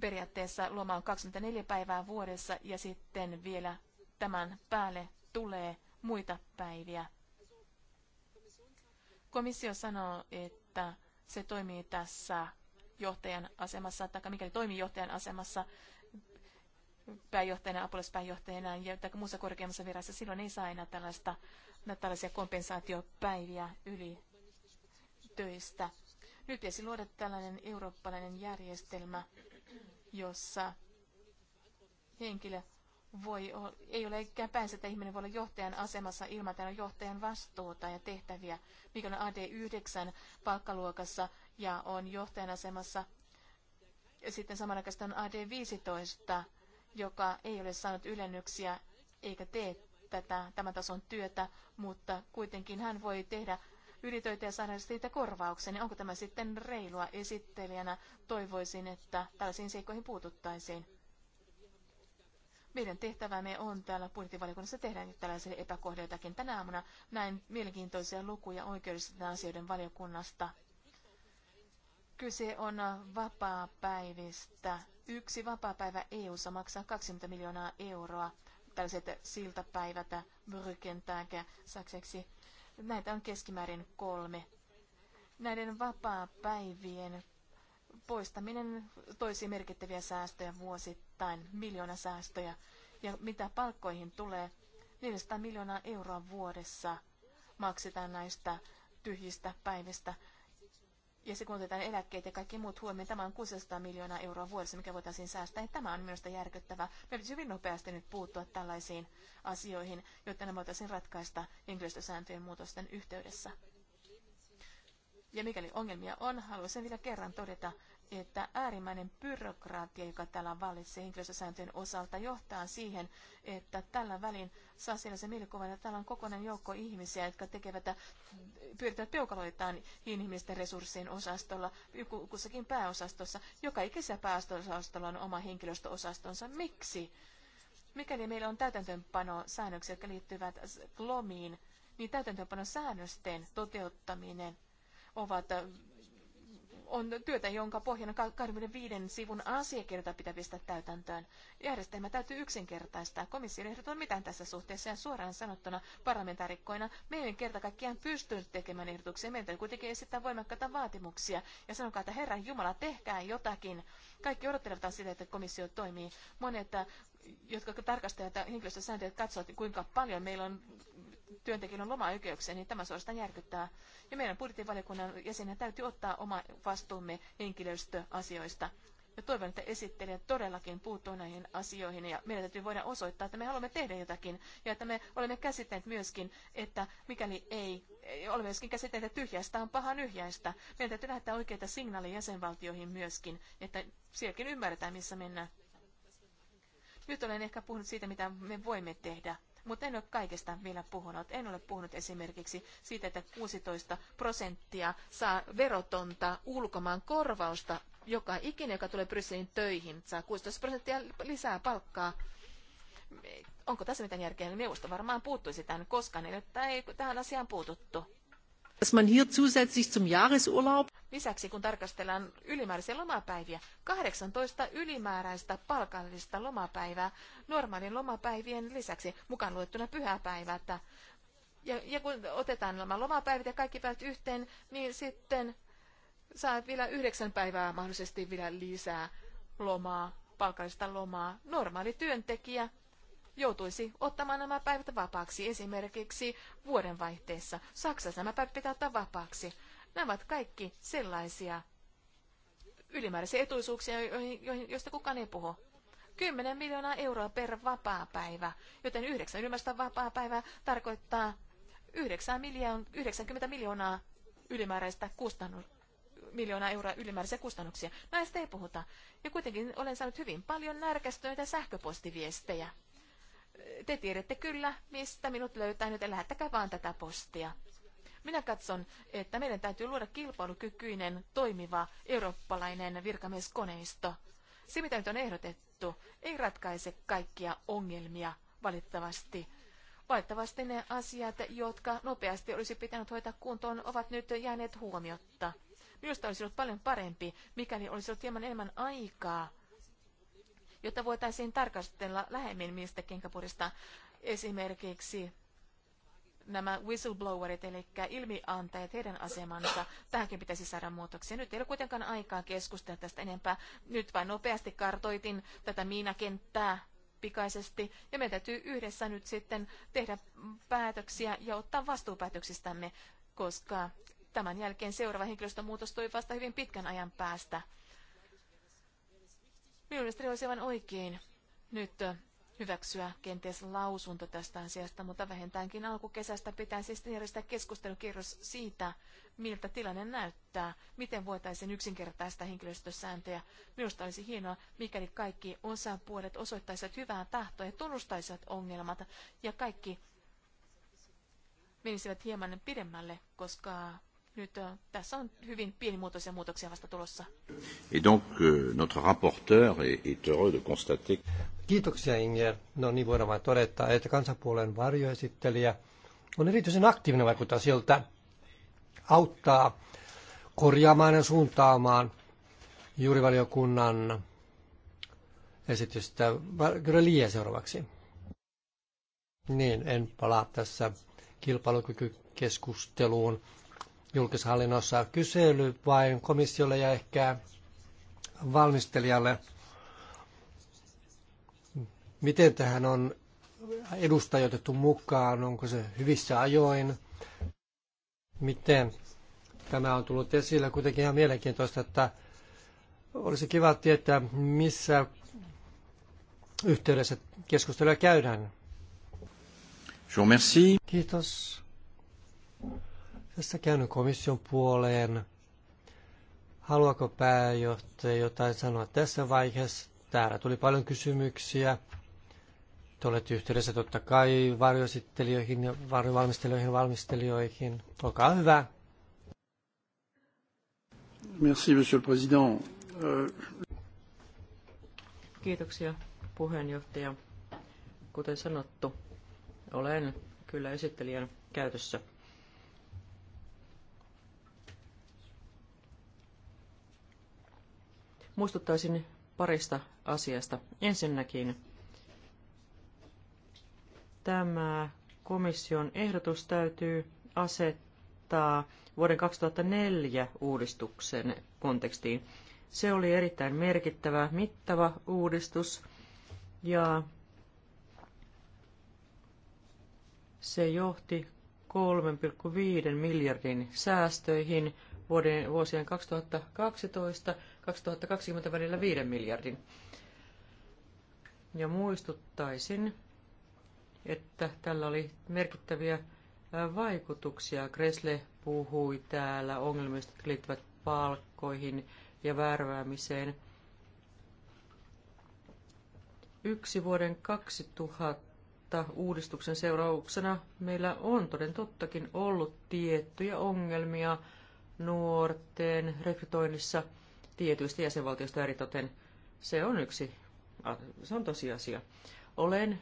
Periaatteessa loma on 24 päivää vuodessa, ja sitten vielä tämän päälle tulee muita päiviä. Komissio sanoo, että se toimii tässä johtajan asemassa, tai mikäli toimii johtajan asemassa pääjohtajana, apulaispääjohtajana tai muussa korkeammassa virassa, silloin ei saa enää tällaista, tällaisia kompensaatiopäiviä yli töistä. Nyt pitäisi luoda tällainen eurooppalainen järjestelmä, jossa henkilö voi, ei ole ikään päänsä, että ihminen voi olla johtajan asemassa ilman tämän johtajan vastuuta ja tehtäviä, mikä on AD9 palkkaluokassa ja on johtajan asemassa. Ja sitten samanaikaisesti on AD15, joka ei ole saanut ylennyksiä eikä tee tätä, tämän tason työtä, mutta kuitenkin hän voi tehdä ylitöitä ja saada siitä korvauksen. Onko tämä sitten reilua esittelijänä? Toivoisin, että tällaisiin seikkoihin puututtaisiin. Meidän tehtävämme on täällä budjettivaliokunnassa tehdä nyt tällaisia epäkohdiltakin. Tänä aamuna näin mielenkiintoisia lukuja oikeudellisten asioiden valiokunnasta. Kyse on vapaapäivistä. Yksi vapaapäivä eu maksaa 20 miljoonaa euroa. Tällaiset siltapäivät, brykentääkä sakseksi. Näitä on keskimäärin kolme. Näiden vapaa-päivien poistaminen toisi merkittäviä säästöjä vuosittain, miljoona säästöjä. Ja mitä palkkoihin tulee, 400 miljoonaa euroa vuodessa maksetaan näistä tyhjistä päivistä. Ja se kun otetaan eläkkeet ja kaikki muut huomioon, tämä on 600 miljoonaa euroa vuodessa, mikä voitaisiin säästää. Ja tämä on minusta järkyttävää. Meidän pitäisi hyvin nopeasti nyt puuttua tällaisiin asioihin, jotta ne voitaisiin ratkaista henkilöstösääntöjen muutosten yhteydessä. Ja mikäli ongelmia on, haluaisin vielä kerran todeta, että äärimmäinen byrokraatia, joka täällä vallitsee henkilöstösääntöjen osalta, johtaa siihen, että tällä välin saa se mielikuva, että täällä on kokonainen joukko ihmisiä, jotka tekevät, pyörittävät peukaloitaan inhimillisten resurssien osastolla, kussakin pääosastossa. Joka ikisessä pääosastolla on oma henkilöstöosastonsa. Miksi? Mikäli meillä on täytäntöönpano säännöksiä, jotka liittyvät lomiin, niin täytäntöönpano säännösten toteuttaminen – ovat on työtä, jonka pohjana 25 sivun asiakirjoita pitää pistää täytäntöön. Järjestelmä täytyy yksinkertaistaa. Komissio ei on mitään tässä suhteessa ja suoraan sanottuna parlamentaarikkoina me ei kerta kaikkiaan pysty tekemään ehdotuksia. Meidän täytyy kuitenkin esittää voimakkaita vaatimuksia ja sanokaa, että Herra Jumala, tehkää jotakin. Kaikki odottelevat sitä, että komissio toimii. Monet jotka tarkastajat ja henkilöstösääntöjä katsovat, kuinka paljon meillä on työntekijän loma lomaoikeuksia, niin tämä suorastaan järkyttää. Ja meidän budjettivaliokunnan jäsenen täytyy ottaa oma vastuumme henkilöstöasioista. Ja toivon, että esittelijä todellakin puuttuu näihin asioihin ja meidän täytyy voida osoittaa, että me haluamme tehdä jotakin ja että me olemme käsitteet myöskin, että mikäli ei, olemme myöskin käsitteet, että tyhjästä on paha nyhjäistä. Meidän täytyy lähettää oikeita signaaleja jäsenvaltioihin myöskin, että sielläkin ymmärretään, missä mennään. Nyt olen ehkä puhunut siitä, mitä me voimme tehdä mutta en ole kaikesta vielä puhunut. En ole puhunut esimerkiksi siitä, että 16 prosenttia saa verotonta ulkomaan korvausta. Joka ikinen, joka tulee Brysselin töihin, saa 16 prosenttia lisää palkkaa onko tässä mitään järkeä, neuvosto varmaan puuttuisi tähän, koskaan, että ei tähän asiaan puututtu dass man hier zusätzlich zum Jahresurlaub Lisäksi kun tarkastellaan ylimääräisiä lomapäiviä, 18 ylimääräistä palkallista lomapäivää normaalin lomapäivien lisäksi mukaan luettuna pyhäpäivät. Ja, ja kun otetaan nämä lomapäivät ja kaikki päivät yhteen, niin sitten saa vielä yhdeksän päivää mahdollisesti vielä lisää lomaa, palkallista lomaa. Normaali työntekijä joutuisi ottamaan nämä päivät vapaaksi esimerkiksi vuodenvaihteessa. Saksassa nämä päivät pitää ottaa vapaaksi. Nämä ovat kaikki sellaisia ylimääräisiä etuisuuksia, joista kukaan ei puhu. 10 miljoonaa euroa per vapaapäivä, joten yhdeksän ylimääräistä vapaapäivää tarkoittaa 9 miljoon, 90 miljoonaa ylimääräistä kustannusta miljoonaa euroa ylimääräisiä kustannuksia. Näistä ei puhuta. Ja kuitenkin olen saanut hyvin paljon närkästyneitä sähköpostiviestejä te tiedätte kyllä, mistä minut löytää, joten lähettäkää vaan tätä postia. Minä katson, että meidän täytyy luoda kilpailukykyinen, toimiva, eurooppalainen virkamieskoneisto. Se, mitä nyt on ehdotettu, ei ratkaise kaikkia ongelmia, valitettavasti. Valitettavasti ne asiat, jotka nopeasti olisi pitänyt hoitaa kuntoon, ovat nyt jääneet huomiotta. Minusta olisi ollut paljon parempi, mikäli olisi ollut hieman enemmän aikaa jotta voitaisiin tarkastella lähemmin mistä kenkäpurista esimerkiksi nämä whistleblowerit, eli ilmiantajat, heidän asemansa. Tähänkin pitäisi saada muutoksia. Nyt ei ole kuitenkaan aikaa keskustella tästä enempää. Nyt vain nopeasti kartoitin tätä miinakenttää pikaisesti, ja meidän täytyy yhdessä nyt sitten tehdä päätöksiä ja ottaa vastuupäätöksistämme, koska tämän jälkeen seuraava henkilöstömuutos toi vasta hyvin pitkän ajan päästä. Minun mielestäni olisi aivan oikein nyt hyväksyä kenties lausunto tästä asiasta, mutta vähintäänkin alkukesästä pitää siis järjestää keskustelukierros siitä, miltä tilanne näyttää, miten voitaisiin yksinkertaista henkilöstösääntöjä. Minusta olisi hienoa, mikäli kaikki osapuolet osoittaisivat hyvää tahtoa ja tunnustaisivat ongelmat ja kaikki menisivät hieman pidemmälle, koska nyt uh, tässä on hyvin pienimuotoisia muutoksia vasta tulossa. Et donc, euh, notre rapporteur est heureux de constater... Kiitoksia Inger. No niin voidaan vain todeta, että kansanpuolen varjoesittelijä on erityisen aktiivinen vaikuttaa siltä auttaa korjaamaan ja suuntaamaan juurivaliokunnan esitystä. Kyllä liian seuraavaksi. Niin, en palaa tässä kilpailukykykeskusteluun julkishallinnossa. Kysely vain komissiolle ja ehkä valmistelijalle, miten tähän on edustajoitettu mukaan, onko se hyvissä ajoin, miten tämä on tullut esille. Kuitenkin ihan mielenkiintoista, että olisi kiva tietää, missä yhteydessä keskustelua käydään. Kiitos tässä käynyt komission puoleen? Haluaako pääjohtaja jotain sanoa tässä vaiheessa? Täällä tuli paljon kysymyksiä. Te olette yhteydessä totta kai varjoesittelijöihin ja varjovalmistelijoihin ja valmistelijoihin. Olkaa hyvä. Merci, monsieur le président. Kiitoksia, puheenjohtaja. Kuten sanottu, olen kyllä esittelijän käytössä. Muistuttaisin parista asiasta. Ensinnäkin tämä komission ehdotus täytyy asettaa vuoden 2004 uudistuksen kontekstiin. Se oli erittäin merkittävä, mittava uudistus ja se johti 3,5 miljardin säästöihin vuoden, vuosien 2012 2020 välillä 5 miljardin. Ja muistuttaisin, että tällä oli merkittäviä vaikutuksia. Kresle puhui täällä ongelmista, jotka liittyvät palkkoihin ja värväämiseen. Yksi vuoden 2000 uudistuksen seurauksena meillä on toden tottakin ollut tiettyjä ongelmia nuorten rekrytoinnissa – tietyistä jäsenvaltioista eritoten. Se on yksi, se on tosiasia. Olen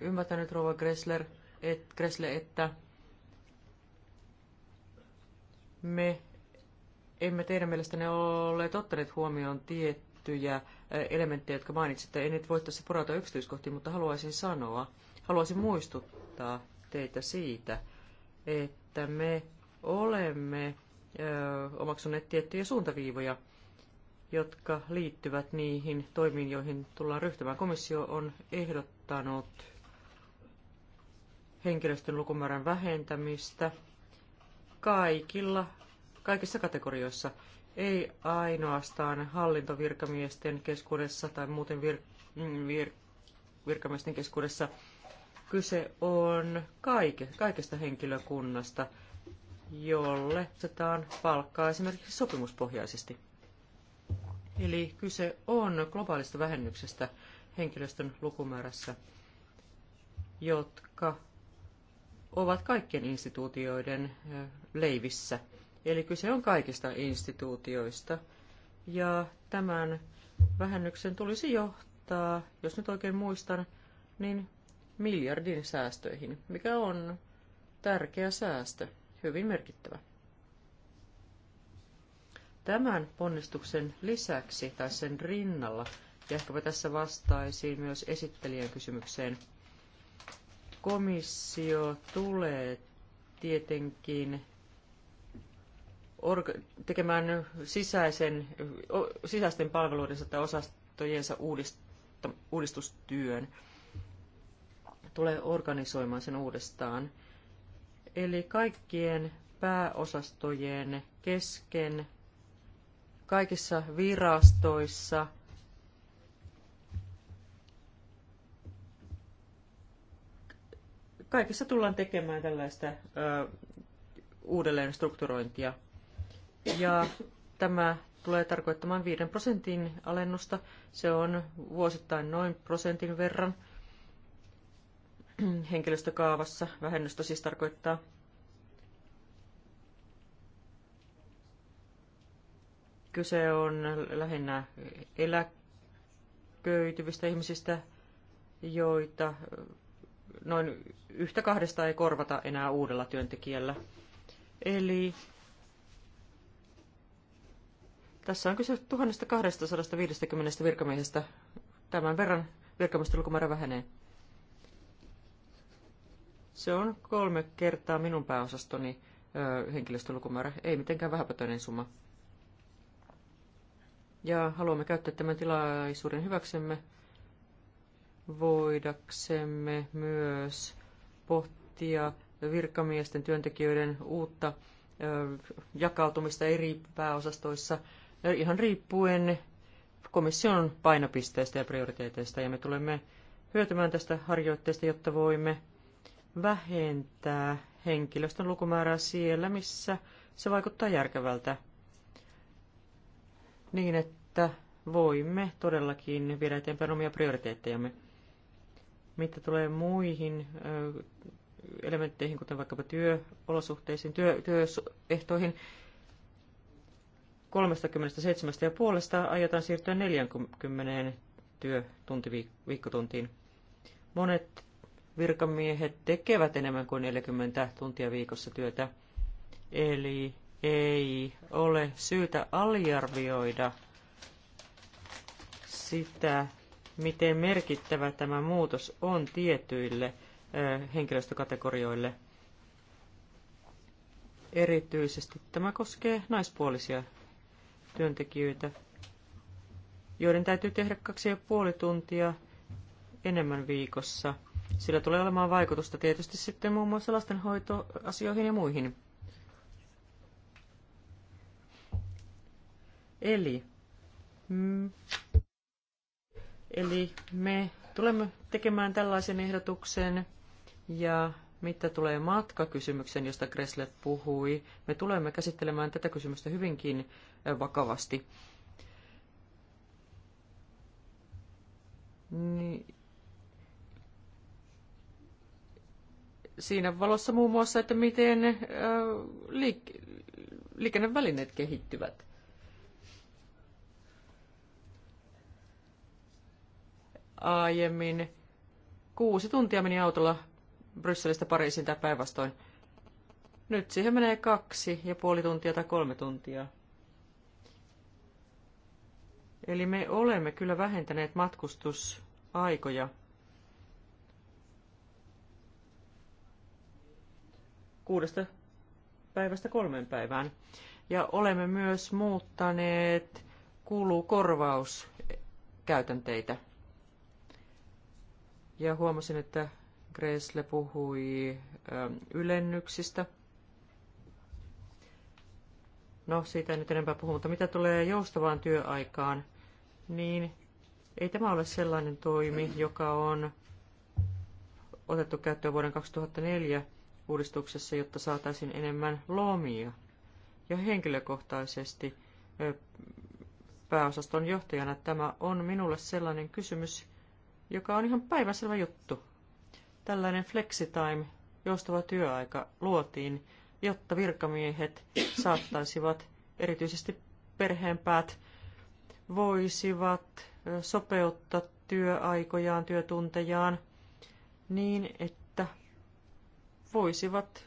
ymmärtänyt Rova Gressler, et, Gressle, että me emme teidän mielestänne ole ottaneet huomioon tiettyjä elementtejä, jotka mainitsitte. En nyt voi tässä porata yksityiskohtiin, mutta haluaisin sanoa, haluaisin muistuttaa teitä siitä, että me olemme ö, omaksuneet tiettyjä suuntaviivoja – jotka liittyvät niihin toimiin, joihin tullaan ryhtymään. Komissio on ehdottanut henkilöstön lukumäärän vähentämistä kaikilla, kaikissa kategorioissa, ei ainoastaan hallintovirkamiesten keskuudessa tai muuten vir, mm, vir, virkamiesten keskuudessa. Kyse on kaike, kaikesta henkilökunnasta, jolle otetaan palkkaa esimerkiksi sopimuspohjaisesti. Eli kyse on globaalista vähennyksestä henkilöstön lukumäärässä, jotka ovat kaikkien instituutioiden leivissä. Eli kyse on kaikista instituutioista. Ja tämän vähennyksen tulisi johtaa, jos nyt oikein muistan, niin miljardin säästöihin, mikä on tärkeä säästö, hyvin merkittävä. Tämän ponnistuksen lisäksi tai sen rinnalla, ja ehkäpä tässä vastaisiin myös esittelijän kysymykseen, komissio tulee tietenkin tekemään sisäisen, sisäisten palveluiden tai osastojensa uudistustyön. Tulee organisoimaan sen uudestaan. Eli kaikkien pääosastojen kesken kaikissa virastoissa kaikissa tullaan tekemään tällaista ö, uudelleenstrukturointia. Ja tämä tulee tarkoittamaan 5 prosentin alennusta. Se on vuosittain noin prosentin verran henkilöstökaavassa. Vähennystä siis tarkoittaa Kyse on lähinnä eläköityvistä ihmisistä, joita noin yhtä kahdesta ei korvata enää uudella työntekijällä. Eli tässä on kyse 1250 virkamiehestä. Tämän verran virkamiesten lukumäärä vähenee. Se on kolme kertaa minun pääosastoni henkilöstölukumäärä. Ei mitenkään vähäpätöinen summa ja haluamme käyttää tämän tilaisuuden hyväksemme, voidaksemme myös pohtia virkamiesten, työntekijöiden uutta jakautumista eri pääosastoissa ihan riippuen komission painopisteistä ja prioriteeteista. Ja me tulemme hyötymään tästä harjoitteesta, jotta voimme vähentää henkilöstön lukumäärää siellä, missä se vaikuttaa järkevältä niin, että voimme todellakin viedä eteenpäin omia prioriteettejamme. Mitä tulee muihin elementteihin, kuten vaikkapa työolosuhteisiin, työ, työehtoihin, 37,5 aiotaan siirtyä 40 työtuntiviikkotuntiin. Monet virkamiehet tekevät enemmän kuin 40 tuntia viikossa työtä, eli ei ole syytä aliarvioida sitä, miten merkittävä tämä muutos on tietyille henkilöstökategorioille. Erityisesti tämä koskee naispuolisia työntekijöitä, joiden täytyy tehdä kaksi ja puoli tuntia enemmän viikossa. Sillä tulee olemaan vaikutusta tietysti sitten muun muassa lastenhoitoasioihin ja muihin Eli, mm, eli me tulemme tekemään tällaisen ehdotuksen ja mitä tulee matkakysymykseen, josta Gressle puhui, me tulemme käsittelemään tätä kysymystä hyvinkin eh, vakavasti. Niin. Siinä valossa muun muassa, että miten eh, liik- liikennevälineet kehittyvät. aiemmin. Kuusi tuntia meni autolla Brysselistä Pariisiin tai päinvastoin. Nyt siihen menee kaksi ja puoli tuntia tai kolme tuntia. Eli me olemme kyllä vähentäneet matkustusaikoja. Kuudesta päivästä kolmeen päivään. Ja olemme myös muuttaneet kulukorvauskäytänteitä ja huomasin, että Gresle puhui ähm, ylennyksistä. No, siitä en nyt enempää puhu, mutta mitä tulee joustavaan työaikaan, niin ei tämä ole sellainen toimi, joka on otettu käyttöön vuoden 2004 uudistuksessa, jotta saataisiin enemmän lomia. Ja henkilökohtaisesti pääosaston johtajana tämä on minulle sellainen kysymys, joka on ihan päiväselvä juttu. Tällainen flexitime, joustava työaika, luotiin, jotta virkamiehet saattaisivat, erityisesti perheenpäät, voisivat sopeuttaa työaikojaan, työtuntejaan niin, että voisivat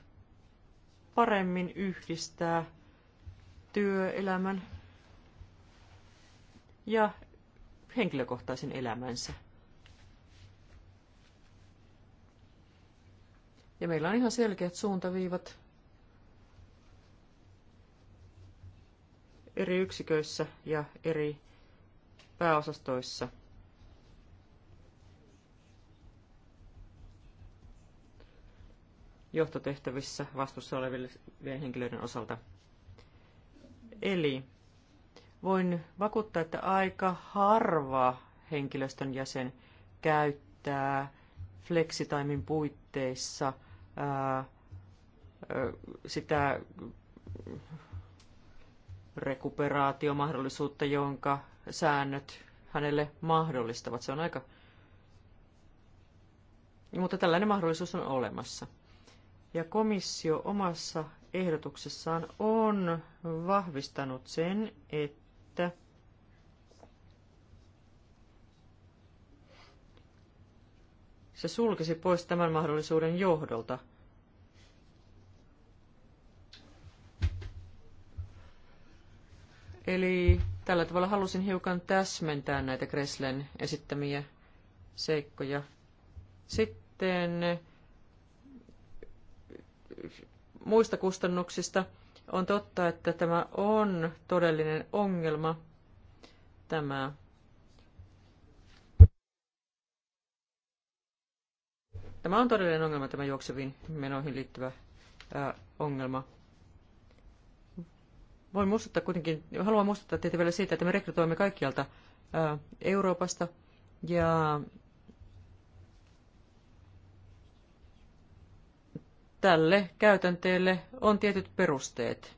paremmin yhdistää työelämän ja henkilökohtaisen elämänsä. Ja meillä on ihan selkeät suuntaviivat eri yksiköissä ja eri pääosastoissa. johtotehtävissä vastuussa olevien henkilöiden osalta. Eli voin vakuuttaa, että aika harva henkilöstön jäsen käyttää flexitaimin puitteissa ää, sitä rekuperaatiomahdollisuutta, jonka säännöt hänelle mahdollistavat. Se on aika... Mutta tällainen mahdollisuus on olemassa. Ja komissio omassa ehdotuksessaan on vahvistanut sen, että Se sulkisi pois tämän mahdollisuuden johdolta. Eli tällä tavalla halusin hiukan täsmentää näitä Kreslen esittämiä seikkoja. Sitten muista kustannuksista on totta, että tämä on todellinen ongelma, tämä Tämä on todellinen ongelma, tämä juokseviin menoihin liittyvä ää, ongelma. Voin muistuttaa kuitenkin, haluan muistuttaa teitä vielä siitä, että me rekrytoimme kaikkialta ää, Euroopasta ja tälle käytänteelle on tietyt perusteet.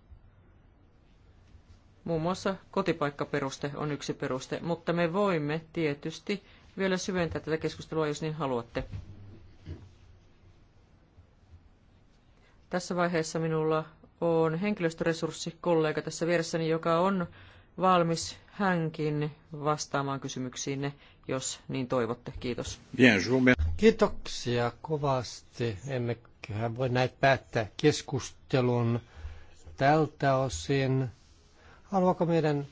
Muun muassa kotipaikkaperuste on yksi peruste, mutta me voimme tietysti vielä syventää tätä keskustelua, jos niin haluatte. Tässä vaiheessa minulla on henkilöstöresurssi kollega tässä vieressäni, joka on valmis hänkin vastaamaan kysymyksiinne, jos niin toivotte. Kiitos. Kiitoksia kovasti. Emmeköhän voi näitä päättää keskustelun tältä osin. Haluaako meidän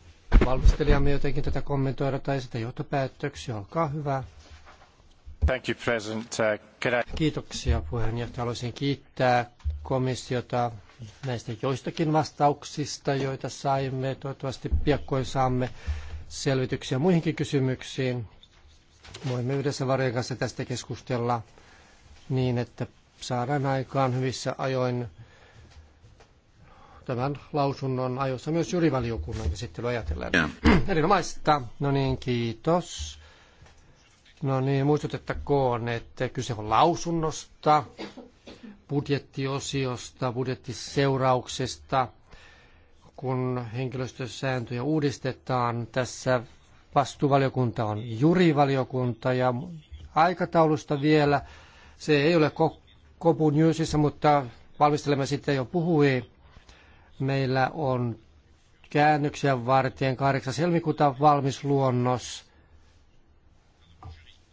valmistelijamme jotenkin tätä kommentoida tai sitä johtopäätöksiä? Olkaa hyvä. Thank you, President. Uh, Kiitoksia puheenjohtaja. Haluaisin kiittää komissiota näistä joistakin vastauksista, joita saimme. Toivottavasti piakkoin saamme selvityksiä muihinkin kysymyksiin. Voimme yhdessä varjojen kanssa tästä keskustella niin, että saadaan aikaan hyvissä ajoin tämän lausunnon ajoissa myös jurivaliokunnan käsittely ajatellen. Yeah. Erinomaista. No niin, kiitos. No niin, muistutettakoon, että kyse on lausunnosta, budjettiosiosta, budjettiseurauksesta, kun henkilöstösääntöjä uudistetaan. Tässä vastuuvaliokunta on jurivaliokunta ja aikataulusta vielä. Se ei ole Kopu Newsissa, mutta valmistelemme sitten jo puhui. Meillä on käännöksiä varten 8. helmikuuta valmis luonnos.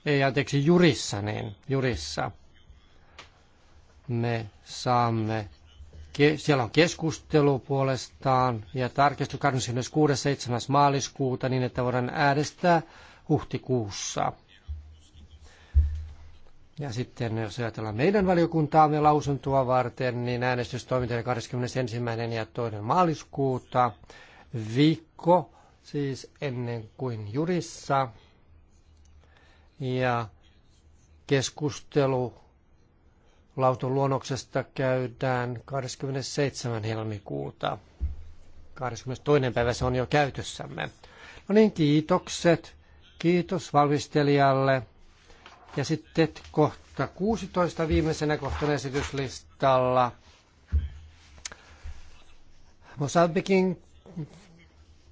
Ei anteeksi, jurissa niin, jurissa me saamme, siellä on keskustelu puolestaan ja tarkistus 26.7. maaliskuuta niin, että voidaan äänestää huhtikuussa. Ja sitten jos ajatellaan meidän valiokuntaamme lausuntoa varten, niin äänestys toimitetaan 21. ja 2. maaliskuuta, viikko siis ennen kuin jurissa. Ja keskustelu Lautun luonnoksesta käydään 27. helmikuuta. 22. päivä se on jo käytössämme. No niin, kiitokset. Kiitos valmistelijalle. Ja sitten kohta 16 viimeisenä kohtana esityslistalla. Mosambikin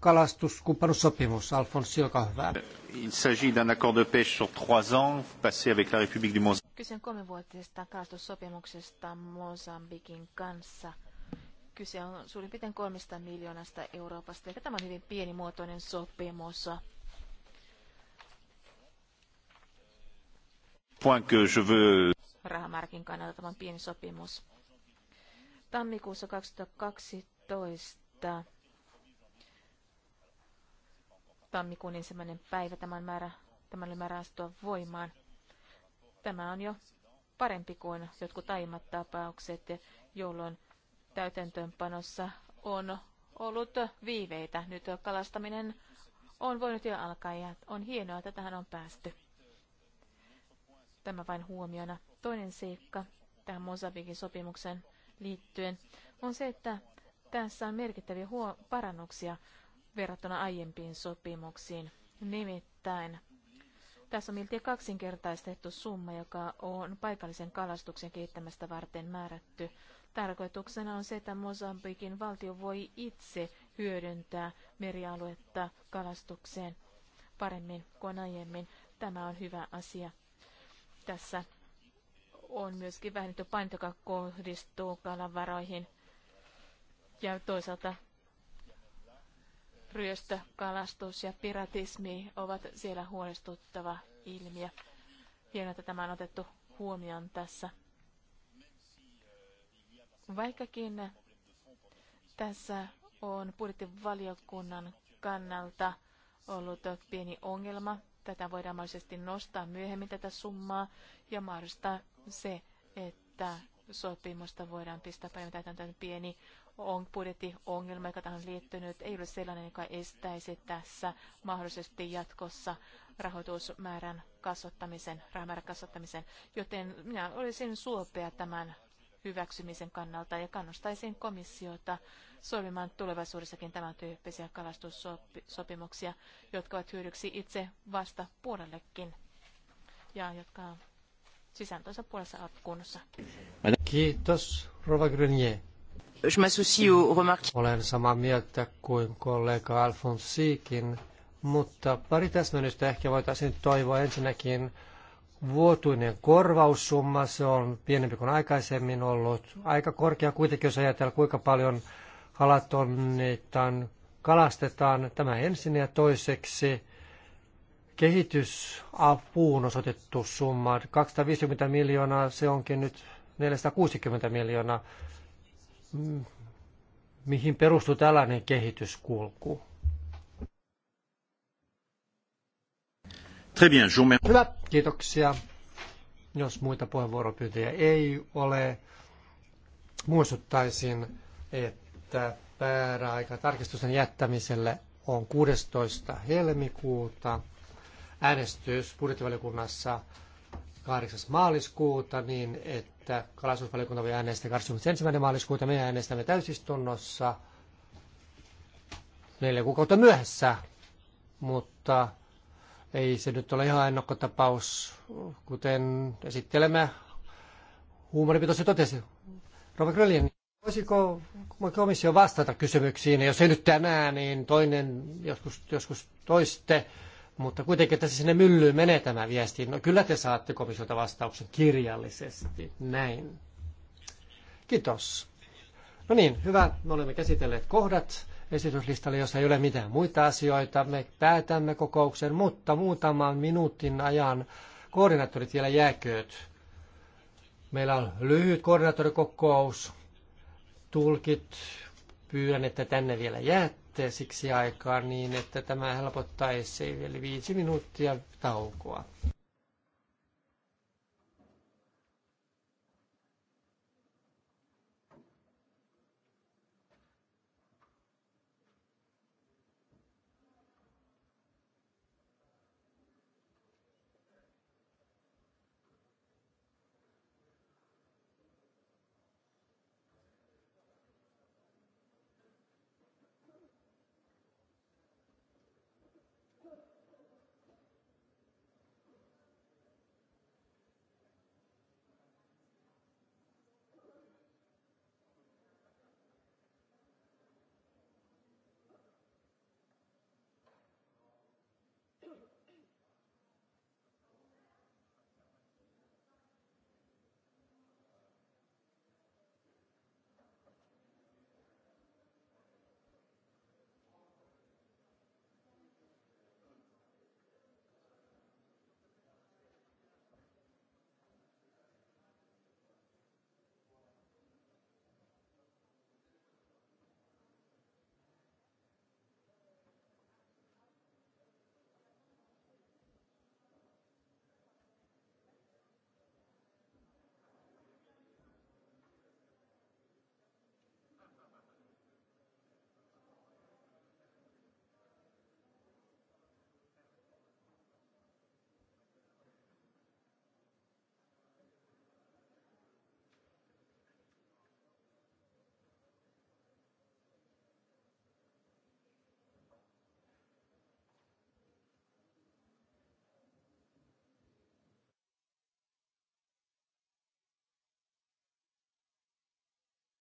kalastuskumppanussopimus, Alfonso, olkaa hyvä. Il s'agit d'un accord de pêche sur trois ans passé avec la République du Mozambique. Kyse on kolmenvuotisesta kalastussopimuksesta Mosambikin kanssa. Kyse on suurin piirtein kolmesta miljoonasta Euroopasta, eli tämä on hyvin pienimuotoinen sopimus. Rahamarkin kannalta tämä on pieni sopimus. Tammikuussa 2012 tammikuun ensimmäinen päivä tämän määrä, tämän oli määrä astua voimaan. Tämä on jo parempi kuin jotkut aiemmat tapaukset, jolloin täytäntöönpanossa on ollut viiveitä. Nyt kalastaminen on voinut jo alkaa ja on hienoa, että tähän on päästy. Tämä vain huomiona. Toinen seikka tähän Mosabikin sopimukseen liittyen on se, että tässä on merkittäviä huo- parannuksia verrattuna aiempiin sopimuksiin. Nimittäin tässä on miltei kaksinkertaistettu summa, joka on paikallisen kalastuksen kehittämästä varten määrätty. Tarkoituksena on se, että Mosambikin valtio voi itse hyödyntää merialuetta kalastukseen paremmin kuin aiemmin. Tämä on hyvä asia. Tässä on myöskin vähennetty painto, joka kohdistuu kalavaroihin ja toisaalta ryöstö, kalastus ja piratismi ovat siellä huolestuttava ilmiö. Hienoa, että tämä on otettu huomioon tässä. Vaikkakin tässä on budjettivaliokunnan kannalta ollut pieni ongelma. Tätä voidaan mahdollisesti nostaa myöhemmin tätä summaa ja mahdollistaa se, että sopimusta voidaan pistää tämä täytäntöön pieni on budjettiongelma, joka tähän liittynyt, ei ole sellainen, joka estäisi tässä mahdollisesti jatkossa rahoitusmäärän kasvattamisen, rahamäärän kasvattamisen, joten minä olisin suopea tämän hyväksymisen kannalta ja kannustaisin komissiota solmimaan tulevaisuudessakin tämän tyyppisiä kalastussopimuksia, jotka ovat hyödyksi itse vasta puolellekin ja jotka sisältönsä puolessa ovat kunnossa. Kiitos, Rova Grenier je m'associe aux remarques. Olen samaa mieltä kuin kollega Alfonsiikin, mutta pari täsmennystä ehkä voitaisiin toivoa ensinnäkin vuotuinen korvaussumma, se on pienempi kuin aikaisemmin ollut. Aika korkea kuitenkin, jos ajatellaan kuinka paljon kalatonneitaan kalastetaan. Tämä ensin ja toiseksi kehitysapuun osoitettu summa. 250 miljoonaa, se onkin nyt 460 miljoonaa. Mm. mihin perustuu tällainen kehityskulku? Très bien, Hyvä, kiitoksia. Jos muita puheenvuoropyyntöjä ei ole, muistuttaisin, että pääraika tarkistusten jättämiselle on 16. helmikuuta. Äänestys budjettivaliokunnassa 8. maaliskuuta, niin että kalastusvaliokunta voi äänestää 21. maaliskuuta. Me äänestämme täysistunnossa neljä kuukautta myöhässä, mutta ei se nyt ole ihan ennakkotapaus, kuten esittelemme huumoripitoisen totesi. Rova Grölien, niin voisiko komissio vastata kysymyksiin, jos ei nyt tänään, niin toinen joskus, joskus toiste mutta kuitenkin tässä sinne myllyyn menee tämä viesti. No kyllä te saatte komissiolta vastauksen kirjallisesti. Näin. Kiitos. No niin, hyvä. Me olemme käsitelleet kohdat esityslistalle, jossa ei ole mitään muita asioita. Me päätämme kokouksen, mutta muutaman minuutin ajan koordinaattorit vielä jääkööt. Meillä on lyhyt koordinaattorikokous. Tulkit pyydän, että tänne vielä jäätte sitten siksi aikaa niin, että tämä helpottaisi, eli viisi minuuttia taukoa.